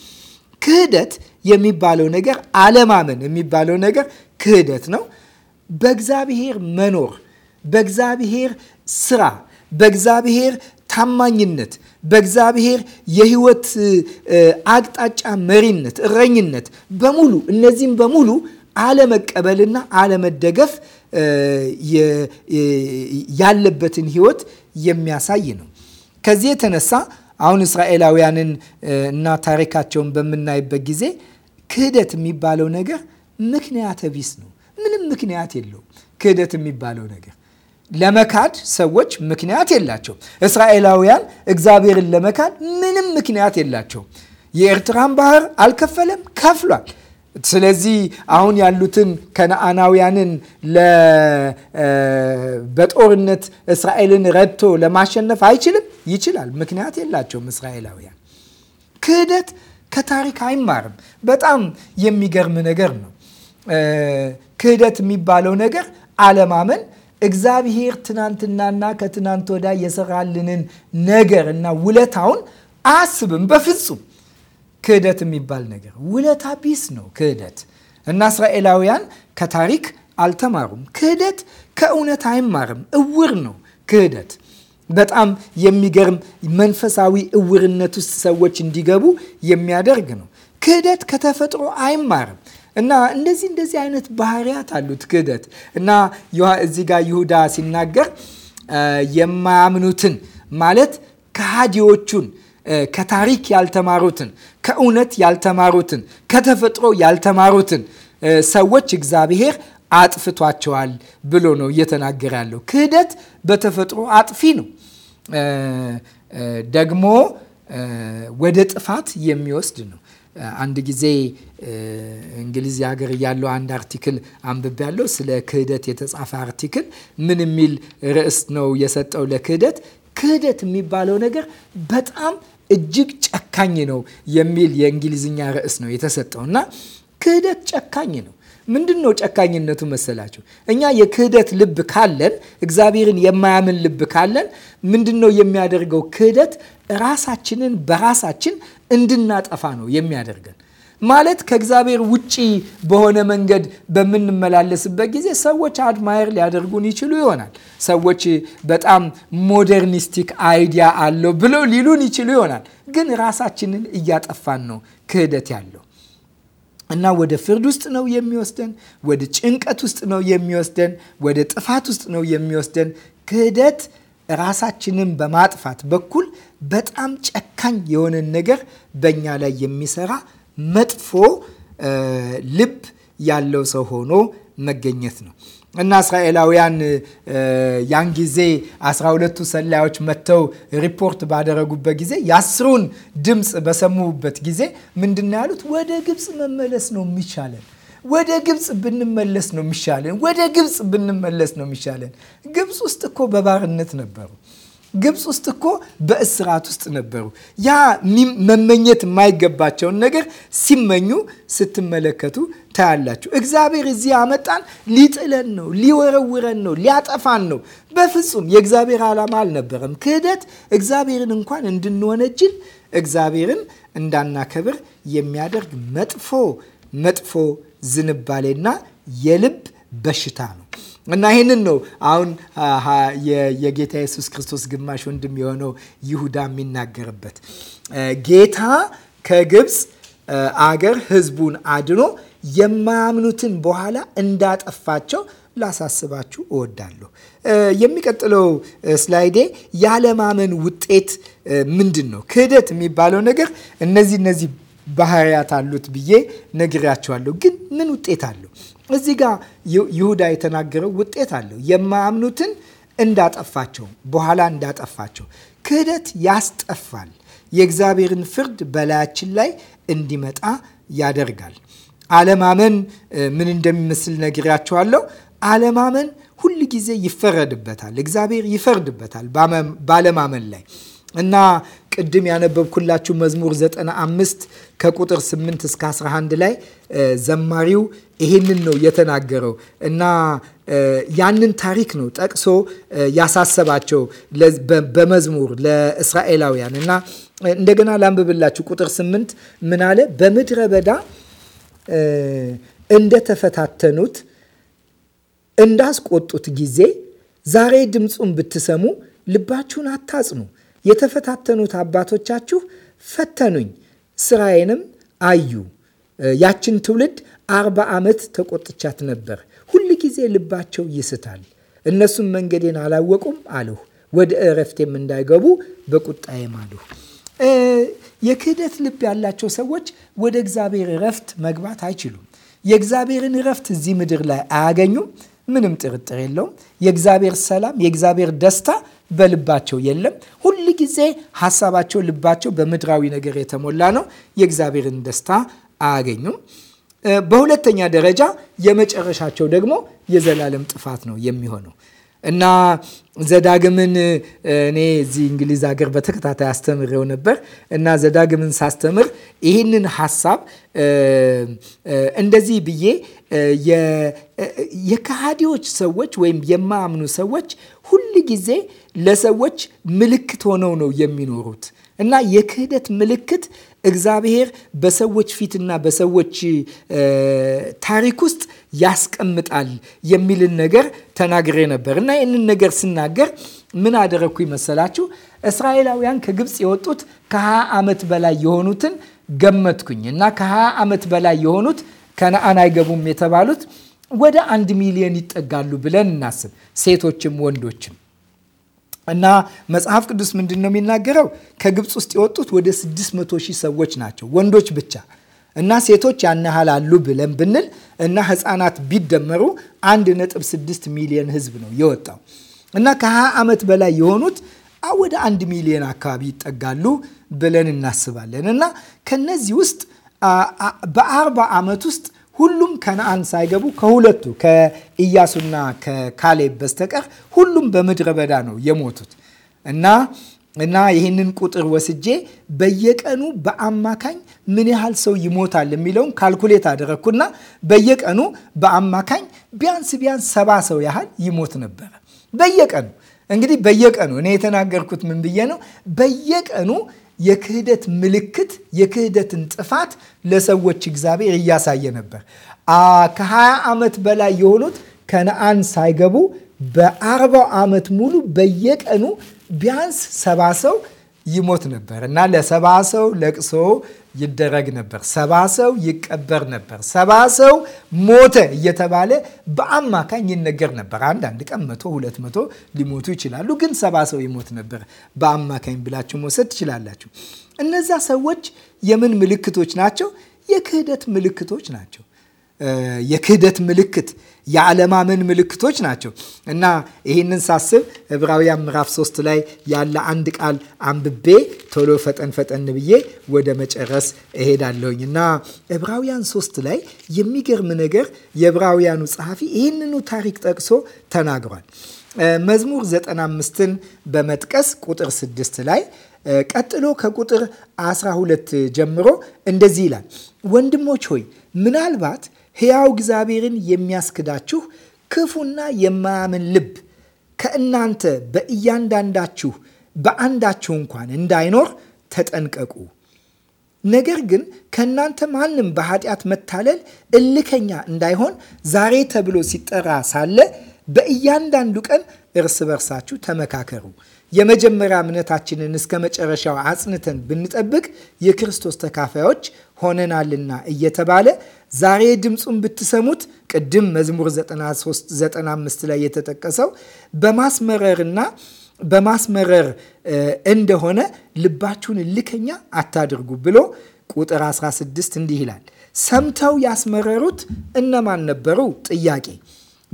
ክህደት የሚባለው ነገር አለማመን የሚባለው ነገር ክህደት ነው። በእግዚአብሔር መኖር፣ በእግዚአብሔር ስራ፣ በእግዚአብሔር ታማኝነት፣ በእግዚአብሔር የህይወት አቅጣጫ መሪነት፣ እረኝነት በሙሉ እነዚህም በሙሉ አለመቀበልና አለመደገፍ ያለበትን ህይወት የሚያሳይ ነው። ከዚህ የተነሳ አሁን እስራኤላውያንን እና ታሪካቸውን በምናይበት ጊዜ ክህደት የሚባለው ነገር ምክንያተ ቢስ ነው። ምንም ምክንያት የለውም ክህደት የሚባለው ነገር ለመካድ ሰዎች ምክንያት የላቸው። እስራኤላውያን እግዚአብሔርን ለመካድ ምንም ምክንያት የላቸው። የኤርትራን ባህር አልከፈለም፣ ከፍሏል። ስለዚህ አሁን ያሉትን ከነአናውያንን በጦርነት እስራኤልን ረድቶ ለማሸነፍ አይችልም? ይችላል። ምክንያት የላቸውም እስራኤላውያን። ክህደት ከታሪክ አይማርም። በጣም የሚገርም ነገር ነው። ክህደት የሚባለው ነገር አለማመን እግዚአብሔር ትናንትናና ከትናንት ወዳ የሰራልንን ነገር እና ውለታውን አያስብም። በፍጹም ክህደት የሚባል ነገር ውለታ ቢስ ነው ክህደት። እና እስራኤላውያን ከታሪክ አልተማሩም። ክህደት ከእውነት አይማርም። እውር ነው ክህደት። በጣም የሚገርም መንፈሳዊ እውርነት ውስጥ ሰዎች እንዲገቡ የሚያደርግ ነው። ክህደት ከተፈጥሮ አይማርም። እና እንደዚህ እንደዚህ አይነት ባህሪያት አሉት ክህደት እና እዚህ ጋር ይሁዳ ሲናገር የማያምኑትን ማለት ከሃዲዎቹን ከታሪክ ያልተማሩትን ከእውነት ያልተማሩትን ከተፈጥሮ ያልተማሩትን ሰዎች እግዚአብሔር አጥፍቷቸዋል ብሎ ነው እየተናገረ ያለው። ክህደት በተፈጥሮ አጥፊ ነው፣ ደግሞ ወደ ጥፋት የሚወስድ ነው። አንድ ጊዜ እንግሊዝ ሀገር ያለው አንድ አርቲክል አንብቤ ያለው ስለ ክህደት የተጻፈ አርቲክል ምን የሚል ርዕስ ነው የሰጠው ለክህደት ክህደት የሚባለው ነገር በጣም እጅግ ጨካኝ ነው የሚል የእንግሊዝኛ ርዕስ ነው የተሰጠው እና ክህደት ጨካኝ ነው ምንድን ነው ጨካኝነቱ መሰላችሁ? እኛ የክህደት ልብ ካለን እግዚአብሔርን የማያምን ልብ ካለን ምንድን ነው የሚያደርገው ክህደት ራሳችንን በራሳችን እንድናጠፋ ነው የሚያደርገን። ማለት ከእግዚአብሔር ውጪ በሆነ መንገድ በምንመላለስበት ጊዜ ሰዎች አድማየር ሊያደርጉን ይችሉ ይሆናል። ሰዎች በጣም ሞደርኒስቲክ አይዲያ አለው ብለው ሊሉን ይችሉ ይሆናል። ግን ራሳችንን እያጠፋን ነው ክህደት ያለው እና ወደ ፍርድ ውስጥ ነው የሚወስደን፣ ወደ ጭንቀት ውስጥ ነው የሚወስደን፣ ወደ ጥፋት ውስጥ ነው የሚወስደን። ክህደት ራሳችንን በማጥፋት በኩል በጣም ጨካኝ የሆነን ነገር በእኛ ላይ የሚሰራ መጥፎ ልብ ያለው ሰው ሆኖ መገኘት ነው እና እስራኤላውያን ያን ጊዜ አስራ ሁለቱ ሰላዮች መጥተው ሪፖርት ባደረጉበት ጊዜ የአስሩን ድምፅ በሰሙበት ጊዜ ምንድን ያሉት? ወደ ግብፅ መመለስ ነው የሚቻለን ወደ ግብፅ ብንመለስ ነው የሚሻለን። ወደ ግብፅ ብንመለስ ነው የሚሻለን። ግብፅ ውስጥ እኮ በባርነት ነበሩ። ግብፅ ውስጥ እኮ በእስራት ውስጥ ነበሩ። ያ መመኘት የማይገባቸውን ነገር ሲመኙ ስትመለከቱ ታያላችሁ። እግዚአብሔር እዚህ አመጣን፣ ሊጥለን ነው፣ ሊወረውረን ነው፣ ሊያጠፋን ነው። በፍጹም የእግዚአብሔር ዓላማ አልነበረም። ክህደት እግዚአብሔርን እንኳን እንድንወነጅል እግዚአብሔርን እንዳናከብር የሚያደርግ መጥፎ መጥፎ ዝንባሌና የልብ በሽታ ነው። እና ይህንን ነው አሁን የጌታ የሱስ ክርስቶስ ግማሽ ወንድም የሆነው ይሁዳ የሚናገርበት። ጌታ ከግብፅ አገር ህዝቡን አድኖ የማያምኑትን በኋላ እንዳጠፋቸው ላሳስባችሁ እወዳለሁ። የሚቀጥለው ስላይዴ ያለማመን ውጤት ምንድን ነው? ክህደት የሚባለው ነገር እነዚህ እነዚህ ባህሪያት አሉት ብዬ ነግሬያቸዋለሁ። ግን ምን ውጤት አለው? እዚህ ጋር ይሁዳ የተናገረው ውጤት አለው። የማያምኑትን እንዳጠፋቸው በኋላ እንዳጠፋቸው ክህደት ያስጠፋል። የእግዚአብሔርን ፍርድ በላያችን ላይ እንዲመጣ ያደርጋል። አለማመን ምን እንደሚመስል ነግሬያችኋለሁ። አለማመን ሁል ጊዜ ይፈረድበታል። እግዚአብሔር ይፈርድበታል ባለማመን ላይ እና ቅድም ያነበብኩላችሁ መዝሙር 95 ከቁጥር 8 እስከ 11 ላይ ዘማሪው ይሄንን ነው የተናገረው እና ያንን ታሪክ ነው ጠቅሶ ያሳሰባቸው በመዝሙር ለእስራኤላውያን እና እንደገና ላንብብላችሁ ቁጥር ስምንት ምን አለ? በምድረ በዳ እንደተፈታተኑት እንዳስቆጡት ጊዜ ዛሬ ድምፁን ብትሰሙ ልባችሁን አታጽኑ። የተፈታተኑት አባቶቻችሁ ፈተኑኝ፣ ስራዬንም አዩ ያችን ትውልድ አርባ ዓመት ተቆጥቻት ነበር። ሁል ጊዜ ልባቸው ይስታል። እነሱም መንገዴን አላወቁም አልሁ፣ ወደ እረፍቴም እንዳይገቡ በቁጣዬም አልሁ። የክህደት ልብ ያላቸው ሰዎች ወደ እግዚአብሔር እረፍት መግባት አይችሉም። የእግዚአብሔርን እረፍት እዚህ ምድር ላይ አያገኙም። ምንም ጥርጥር የለውም። የእግዚአብሔር ሰላም፣ የእግዚአብሔር ደስታ በልባቸው የለም። ሁል ጊዜ ሀሳባቸው፣ ልባቸው በምድራዊ ነገር የተሞላ ነው። የእግዚአብሔርን ደስታ አያገኙም። በሁለተኛ ደረጃ የመጨረሻቸው ደግሞ የዘላለም ጥፋት ነው የሚሆነው እና ዘዳግምን እኔ እዚህ እንግሊዝ ሀገር በተከታታይ አስተምሬው ነበር እና ዘዳግምን ሳስተምር ይህንን ሀሳብ እንደዚህ ብዬ የከሃዲዎች ሰዎች ወይም የማያምኑ ሰዎች ሁል ጊዜ ለሰዎች ምልክት ሆነው ነው የሚኖሩት እና የክህደት ምልክት እግዚአብሔር በሰዎች ፊትና በሰዎች ታሪክ ውስጥ ያስቀምጣል የሚልን ነገር ተናግሬ ነበር እና ይህንን ነገር ስናገር ምን አደረግኩ መሰላችሁ? እስራኤላውያን ከግብፅ የወጡት ከ20 ዓመት በላይ የሆኑትን ገመትኩኝ እና ከ20 ዓመት በላይ የሆኑት ከነአን አይገቡም የተባሉት ወደ አንድ ሚሊዮን ይጠጋሉ ብለን እናስብ ሴቶችም ወንዶችም እና መጽሐፍ ቅዱስ ምንድን ነው የሚናገረው? ከግብፅ ውስጥ የወጡት ወደ 600 ሺህ ሰዎች ናቸው ወንዶች ብቻ እና ሴቶች ያን ያህል አሉ ብለን ብንል እና ህፃናት ቢደመሩ 1.6 ሚሊዮን ህዝብ ነው የወጣው እና ከ20 ዓመት በላይ የሆኑት ወደ 1 ሚሊዮን አካባቢ ይጠጋሉ ብለን እናስባለን እና ከነዚህ ውስጥ በ40 ዓመት ውስጥ ሁሉም ከነአን ሳይገቡ ከሁለቱ ከኢያሱና ከካሌብ በስተቀር ሁሉም በምድረ በዳ ነው የሞቱት እና እና ይህንን ቁጥር ወስጄ በየቀኑ በአማካኝ ምን ያህል ሰው ይሞታል የሚለውን ካልኩሌት አደረግኩና በየቀኑ በአማካኝ ቢያንስ ቢያንስ ሰባ ሰው ያህል ይሞት ነበረ በየቀኑ እንግዲህ በየቀኑ እኔ የተናገርኩት ምን ብዬ ነው በየቀኑ የክህደት ምልክት የክህደትን ጥፋት ለሰዎች እግዚአብሔር እያሳየ ነበር። ከ20 ዓመት በላይ የሆኑት ከነአን ሳይገቡ በአርባው ዓመት ሙሉ በየቀኑ ቢያንስ ሰባ ሰው ይሞት ነበር እና ለሰባ ሰው ለቅሶ ይደረግ ነበር። ሰባ ሰው ይቀበር ነበር። ሰባ ሰው ሞተ እየተባለ በአማካኝ ይነገር ነበር። አንዳንድ ቀን መቶ ሁለት መቶ ሊሞቱ ይችላሉ፣ ግን ሰባ ሰው ይሞት ነበር በአማካኝ ብላችሁ መውሰድ ትችላላችሁ። እነዛ ሰዎች የምን ምልክቶች ናቸው? የክህደት ምልክቶች ናቸው። የክህደት ምልክት የአለማመን ምልክቶች ናቸው እና ይህንን ሳስብ ዕብራውያን ምዕራፍ 3 ላይ ያለ አንድ ቃል አንብቤ ቶሎ ፈጠን ፈጠን ብዬ ወደ መጨረስ እሄዳለሁኝ እና ዕብራውያን 3 ላይ የሚገርም ነገር የዕብራውያኑ ጸሐፊ ይህንኑ ታሪክ ጠቅሶ ተናግሯል። መዝሙር 95ን በመጥቀስ ቁጥር 6 ላይ ቀጥሎ ከቁጥር 12 ጀምሮ እንደዚህ ይላል፣ ወንድሞች ሆይ ምናልባት ሕያው እግዚአብሔርን የሚያስክዳችሁ ክፉና የማያምን ልብ ከእናንተ በእያንዳንዳችሁ በአንዳችሁ እንኳን እንዳይኖር ተጠንቀቁ። ነገር ግን ከእናንተ ማንም በኃጢአት መታለል እልከኛ እንዳይሆን ዛሬ ተብሎ ሲጠራ ሳለ በእያንዳንዱ ቀን እርስ በርሳችሁ ተመካከሩ። የመጀመሪያ እምነታችንን እስከ መጨረሻው አጽንተን ብንጠብቅ የክርስቶስ ተካፋዮች ሆነናልና እየተባለ ዛሬ ድምፁን ብትሰሙት ቅድም መዝሙር 93 95 ላይ የተጠቀሰው በማስመረርና በማስመረር እንደሆነ ልባችሁን እልከኛ አታድርጉ ብሎ ቁጥር 16 እንዲህ ይላል። ሰምተው ያስመረሩት እነማን ነበሩ? ጥያቄ።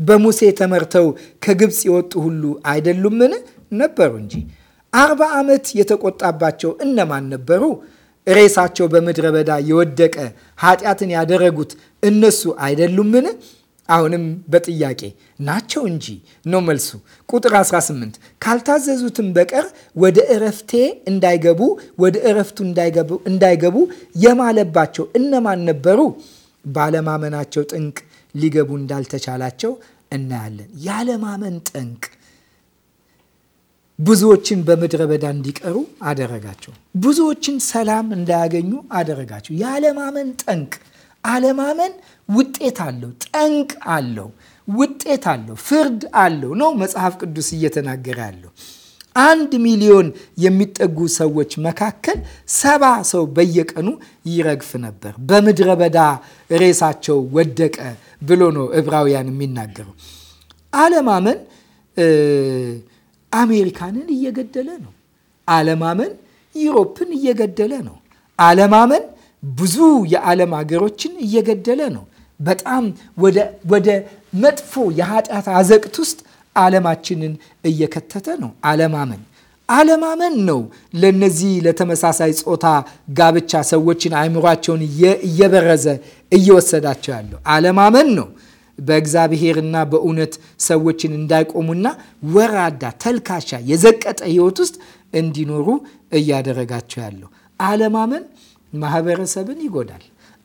በሙሴ ተመርተው ከግብፅ የወጡ ሁሉ አይደሉምን? ነበሩ እንጂ። አርባ ዓመት የተቆጣባቸው እነማን ነበሩ? ሬሳቸው በምድረ በዳ የወደቀ ኃጢአትን ያደረጉት እነሱ አይደሉምን? አሁንም በጥያቄ ናቸው እንጂ ነው መልሱ። ቁጥር 18 ካልታዘዙትም በቀር ወደ እረፍቴ እንዳይገቡ ወደ እረፍቱ እንዳይገቡ የማለባቸው እነማን ነበሩ? ባለማመናቸው ጥንቅ ሊገቡ እንዳልተቻላቸው እናያለን። ያለማመን ጠንቅ ብዙዎችን በምድረ በዳ እንዲቀሩ አደረጋቸው። ብዙዎችን ሰላም እንዳያገኙ አደረጋቸው። የአለማመን ጠንቅ አለማመን ውጤት አለው፣ ጠንቅ አለው፣ ውጤት አለው፣ ፍርድ አለው ነው መጽሐፍ ቅዱስ እየተናገረ ያለው። አንድ ሚሊዮን የሚጠጉ ሰዎች መካከል ሰባ ሰው በየቀኑ ይረግፍ ነበር። በምድረ በዳ ሬሳቸው ወደቀ ብሎ ነው ዕብራውያን የሚናገረው። አለማመን አሜሪካንን እየገደለ ነው። አለማመን ዩሮፕን እየገደለ ነው። አለማመን ብዙ የዓለም ሀገሮችን እየገደለ ነው። በጣም ወደ መጥፎ የኃጢአት አዘቅት ውስጥ ዓለማችንን እየከተተ ነው። አለማመን አለማመን ነው ለነዚህ ለተመሳሳይ ጾታ ጋብቻ ሰዎችን አይምሯቸውን እየበረዘ እየወሰዳቸው ያለው አለማመን ነው። በእግዚአብሔርና በእውነት ሰዎችን እንዳይቆሙና ወራዳ፣ ተልካሻ፣ የዘቀጠ ህይወት ውስጥ እንዲኖሩ እያደረጋቸው ያለው አለማመን ማህበረሰብን ይጎዳል።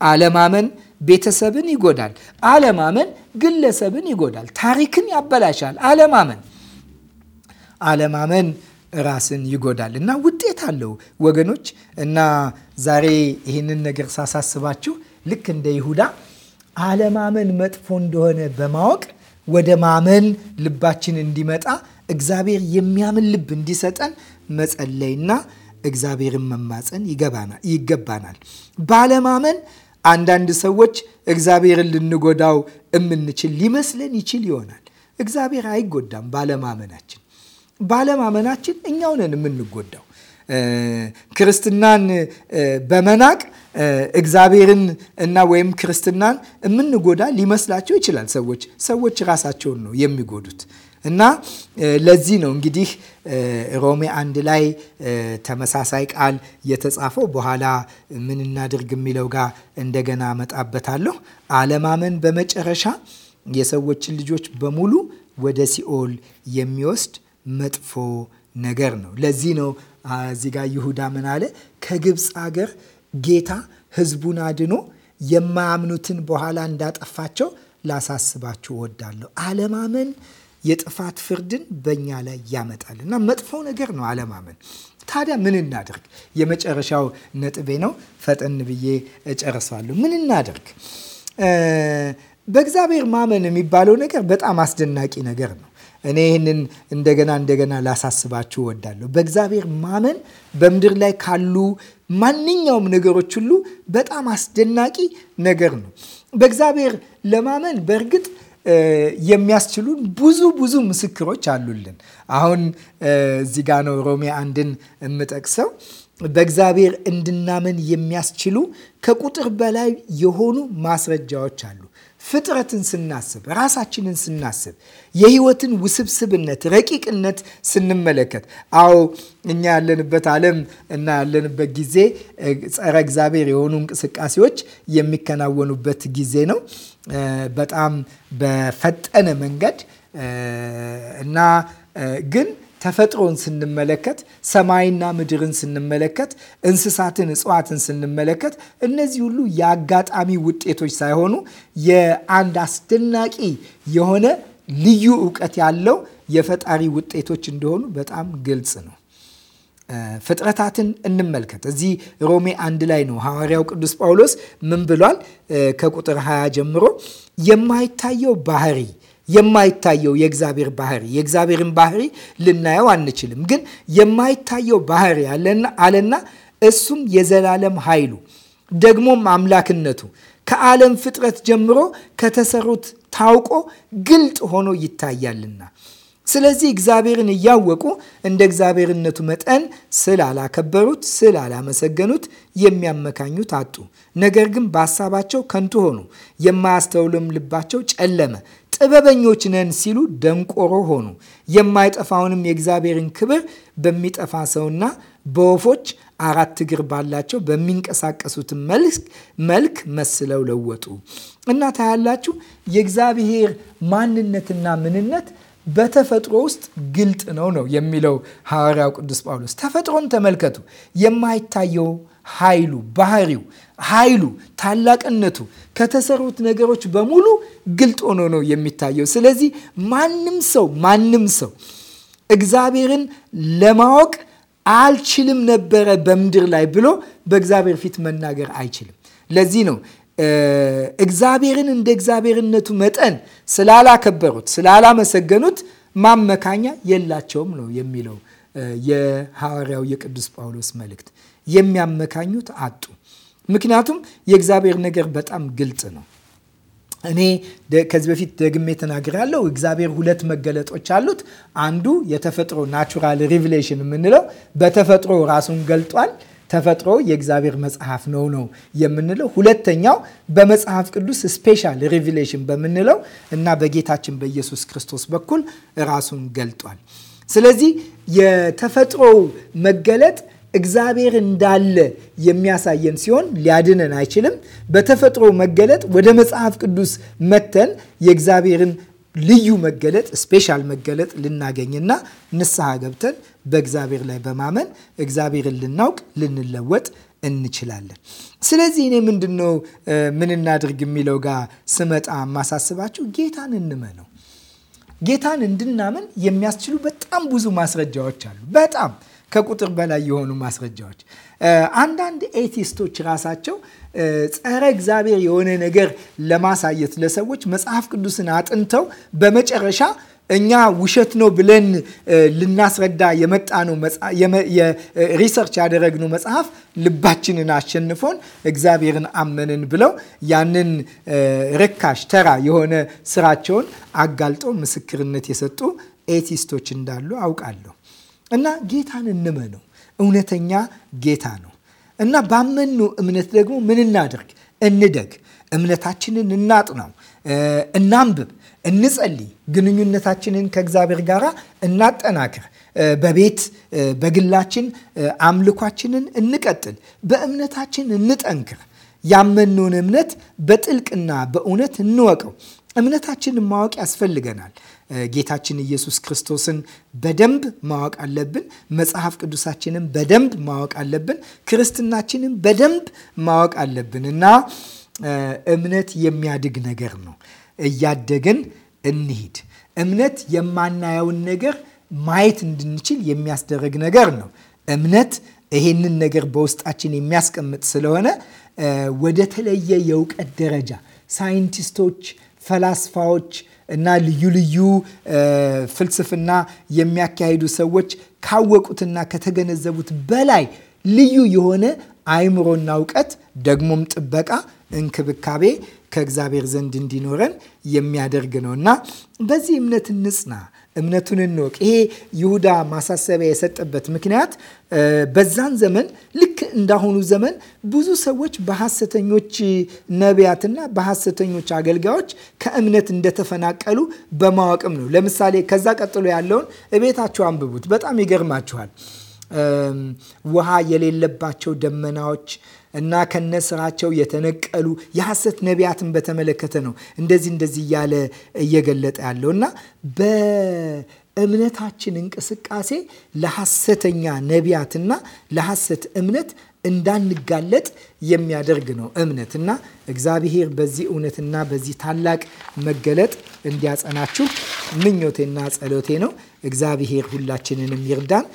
አለማመን ቤተሰብን ይጎዳል። አለማመን ግለሰብን ይጎዳል። ታሪክን ያበላሻል። አለማመን አለማመን ራስን ይጎዳል እና ውጤት አለው ወገኖች። እና ዛሬ ይህንን ነገር ሳሳስባችሁ ልክ እንደ ይሁዳ አለማመን መጥፎ እንደሆነ በማወቅ ወደ ማመን ልባችን እንዲመጣ እግዚአብሔር የሚያምን ልብ እንዲሰጠን መጸለይና እግዚአብሔርን መማፀን ይገባናል። ባለማመን አንዳንድ ሰዎች እግዚአብሔርን ልንጎዳው የምንችል ሊመስለን ይችል ይሆናል። እግዚአብሔር አይጎዳም። ባለማመናችን ባለማመናችን እኛው ነን የምንጎዳው። ክርስትናን በመናቅ እግዚአብሔርን እና ወይም ክርስትናን የምንጎዳ ሊመስላቸው ይችላል። ሰዎች ሰዎች ራሳቸውን ነው የሚጎዱት። እና ለዚህ ነው እንግዲህ ሮሜ አንድ ላይ ተመሳሳይ ቃል የተጻፈው። በኋላ ምን እናድርግ የሚለው ጋር እንደገና መጣበታለሁ። አለማመን በመጨረሻ የሰዎችን ልጆች በሙሉ ወደ ሲኦል የሚወስድ መጥፎ ነገር ነው። ለዚህ ነው እዚህ ጋር ይሁዳ ምን አለ? ከግብፅ ሀገር ጌታ ህዝቡን አድኖ የማያምኑትን በኋላ እንዳጠፋቸው ላሳስባችሁ ወዳለሁ አለማመን የጥፋት ፍርድን በእኛ ላይ ያመጣል እና መጥፎ ነገር ነው አለማመን። ታዲያ ምን እናድርግ? የመጨረሻው ነጥቤ ነው። ፈጠን ብዬ እጨርሳለሁ። ምን እናድርግ? በእግዚአብሔር ማመን የሚባለው ነገር በጣም አስደናቂ ነገር ነው። እኔ ይህንን እንደገና እንደገና ላሳስባችሁ እወዳለሁ። በእግዚአብሔር ማመን በምድር ላይ ካሉ ማንኛውም ነገሮች ሁሉ በጣም አስደናቂ ነገር ነው። በእግዚአብሔር ለማመን በእርግጥ የሚያስችሉን ብዙ ብዙ ምስክሮች አሉልን። አሁን እዚህ ጋ ነው ሮሜ አንድን የምጠቅሰው በእግዚአብሔር እንድናምን የሚያስችሉ ከቁጥር በላይ የሆኑ ማስረጃዎች አሉ። ፍጥረትን ስናስብ፣ ራሳችንን ስናስብ፣ የህይወትን ውስብስብነት፣ ረቂቅነት ስንመለከት፣ አዎ እኛ ያለንበት ዓለም እና ያለንበት ጊዜ ጸረ እግዚአብሔር የሆኑ እንቅስቃሴዎች የሚከናወኑበት ጊዜ ነው። በጣም በፈጠነ መንገድ እና ግን ተፈጥሮን ስንመለከት፣ ሰማይና ምድርን ስንመለከት፣ እንስሳትን፣ እጽዋትን ስንመለከት እነዚህ ሁሉ የአጋጣሚ ውጤቶች ሳይሆኑ የአንድ አስደናቂ የሆነ ልዩ እውቀት ያለው የፈጣሪ ውጤቶች እንደሆኑ በጣም ግልጽ ነው። ፍጥረታትን እንመልከት። እዚህ ሮሜ አንድ ላይ ነው ሐዋርያው ቅዱስ ጳውሎስ ምን ብሏል? ከቁጥር 20 ጀምሮ የማይታየው ባህሪ የማይታየው የእግዚአብሔር ባህሪ የእግዚአብሔርን ባህሪ ልናየው አንችልም። ግን የማይታየው ባህሪ አለና እሱም የዘላለም ኃይሉ ደግሞም አምላክነቱ ከዓለም ፍጥረት ጀምሮ ከተሰሩት ታውቆ ግልጥ ሆኖ ይታያልና ስለዚህ እግዚአብሔርን እያወቁ እንደ እግዚአብሔርነቱ መጠን ስላላከበሩት፣ ስላላመሰገኑት የሚያመካኙት አጡ። ነገር ግን በሀሳባቸው ከንቱ ሆኑ፣ የማያስተውልም ልባቸው ጨለመ። ጥበበኞች ነን ሲሉ ደንቆሮ ሆኑ። የማይጠፋውንም የእግዚአብሔርን ክብር በሚጠፋ ሰውና በወፎች አራት እግር ባላቸው በሚንቀሳቀሱትን መልክ መስለው ለወጡ እና ታያላችሁ የእግዚአብሔር ማንነትና ምንነት በተፈጥሮ ውስጥ ግልጥ ነው ነው የሚለው ሐዋርያው ቅዱስ ጳውሎስ። ተፈጥሮን ተመልከቱ። የማይታየው ኃይሉ፣ ባህሪው፣ ኃይሉ፣ ታላቅነቱ ከተሰሩት ነገሮች በሙሉ ግልጥ ሆኖ ነው የሚታየው። ስለዚህ ማንም ሰው ማንም ሰው እግዚአብሔርን ለማወቅ አልችልም ነበረ በምድር ላይ ብሎ በእግዚአብሔር ፊት መናገር አይችልም። ለዚህ ነው እግዚአብሔርን እንደ እግዚአብሔርነቱ መጠን ስላላከበሩት፣ ስላላመሰገኑት ማመካኛ የላቸውም ነው የሚለው የሐዋርያው የቅዱስ ጳውሎስ መልእክት። የሚያመካኙት አጡ። ምክንያቱም የእግዚአብሔር ነገር በጣም ግልጽ ነው። እኔ ከዚህ በፊት ደግሜ ተናግሬያለሁ። እግዚአብሔር ሁለት መገለጦች አሉት። አንዱ የተፈጥሮ ናቹራል ሪቪሌሽን የምንለው በተፈጥሮ ራሱን ገልጧል። ተፈጥሮ የእግዚአብሔር መጽሐፍ ነው ነው የምንለው። ሁለተኛው በመጽሐፍ ቅዱስ ስፔሻል ሪቪሌሽን በምንለው እና በጌታችን በኢየሱስ ክርስቶስ በኩል ራሱን ገልጧል። ስለዚህ የተፈጥሮ መገለጥ እግዚአብሔር እንዳለ የሚያሳየን ሲሆን ሊያድነን አይችልም። በተፈጥሮ መገለጥ ወደ መጽሐፍ ቅዱስ መተን የእግዚአብሔርን ልዩ መገለጥ ስፔሻል መገለጥ ልናገኝና ንስሐ ገብተን በእግዚአብሔር ላይ በማመን እግዚአብሔርን ልናውቅ ልንለወጥ እንችላለን። ስለዚህ እኔ ምንድን ነው ምን እናድርግ የሚለው ጋር ስመጣ ማሳስባችሁ ጌታን እንመነው። ጌታን እንድናምን የሚያስችሉ በጣም ብዙ ማስረጃዎች አሉ። በጣም ከቁጥር በላይ የሆኑ ማስረጃዎች አንዳንድ ኤቲስቶች ራሳቸው ጸረ እግዚአብሔር የሆነ ነገር ለማሳየት ለሰዎች መጽሐፍ ቅዱስን አጥንተው በመጨረሻ እኛ ውሸት ነው ብለን ልናስረዳ የመጣ ነው ሪሰርች ያደረግነው መጽሐፍ ልባችንን አሸንፎን እግዚአብሔርን አመንን ብለው ያንን ርካሽ ተራ የሆነ ስራቸውን አጋልጦ ምስክርነት የሰጡ ኤቲስቶች እንዳሉ አውቃለሁ እና ጌታን እንመነው። እውነተኛ ጌታ ነው። እና ባመኑ እምነት ደግሞ ምን እናድርግ? እንደግ፣ እምነታችንን እናጥናው፣ እናንብብ፣ እንጸልይ፣ ግንኙነታችንን ከእግዚአብሔር ጋር እናጠናክር። በቤት በግላችን አምልኳችንን እንቀጥል፣ በእምነታችን እንጠንክር። ያመኑን እምነት በጥልቅና በእውነት እንወቀው። እምነታችንን ማወቅ ያስፈልገናል። ጌታችን ኢየሱስ ክርስቶስን በደንብ ማወቅ አለብን። መጽሐፍ ቅዱሳችንን በደንብ ማወቅ አለብን። ክርስትናችንን በደንብ ማወቅ አለብን እና እምነት የሚያድግ ነገር ነው። እያደግን እንሂድ። እምነት የማናየውን ነገር ማየት እንድንችል የሚያስደረግ ነገር ነው። እምነት ይሄንን ነገር በውስጣችን የሚያስቀምጥ ስለሆነ ወደ ተለየ የእውቀት ደረጃ ሳይንቲስቶች፣ ፈላስፋዎች እና ልዩ ልዩ ፍልስፍና የሚያካሂዱ ሰዎች ካወቁትና ከተገነዘቡት በላይ ልዩ የሆነ አእምሮና እውቀት ደግሞም ጥበቃ፣ እንክብካቤ ከእግዚአብሔር ዘንድ እንዲኖረን የሚያደርግ ነው እና በዚህ እምነት እንጽና እምነቱን እንወቅ። ይሄ ይሁዳ ማሳሰቢያ የሰጠበት ምክንያት በዛን ዘመን ልክ እንዳሁኑ ዘመን ብዙ ሰዎች በሐሰተኞች ነቢያትና በሐሰተኞች አገልጋዮች ከእምነት እንደተፈናቀሉ በማወቅም ነው። ለምሳሌ ከዛ ቀጥሎ ያለውን እቤታችሁ አንብቡት። በጣም ይገርማችኋል። ውሃ የሌለባቸው ደመናዎች እና ከነስራቸው የተነቀሉ የሐሰት ነቢያትን በተመለከተ ነው እንደዚህ እንደዚህ እያለ እየገለጠ ያለው እና በእምነታችን እንቅስቃሴ ለሐሰተኛ ነቢያትና ለሐሰት እምነት እንዳንጋለጥ የሚያደርግ ነው እምነት እና እግዚአብሔር በዚህ እውነትና በዚህ ታላቅ መገለጥ እንዲያጸናችሁ ምኞቴና ጸሎቴ ነው። እግዚአብሔር ሁላችንንም ይርዳን።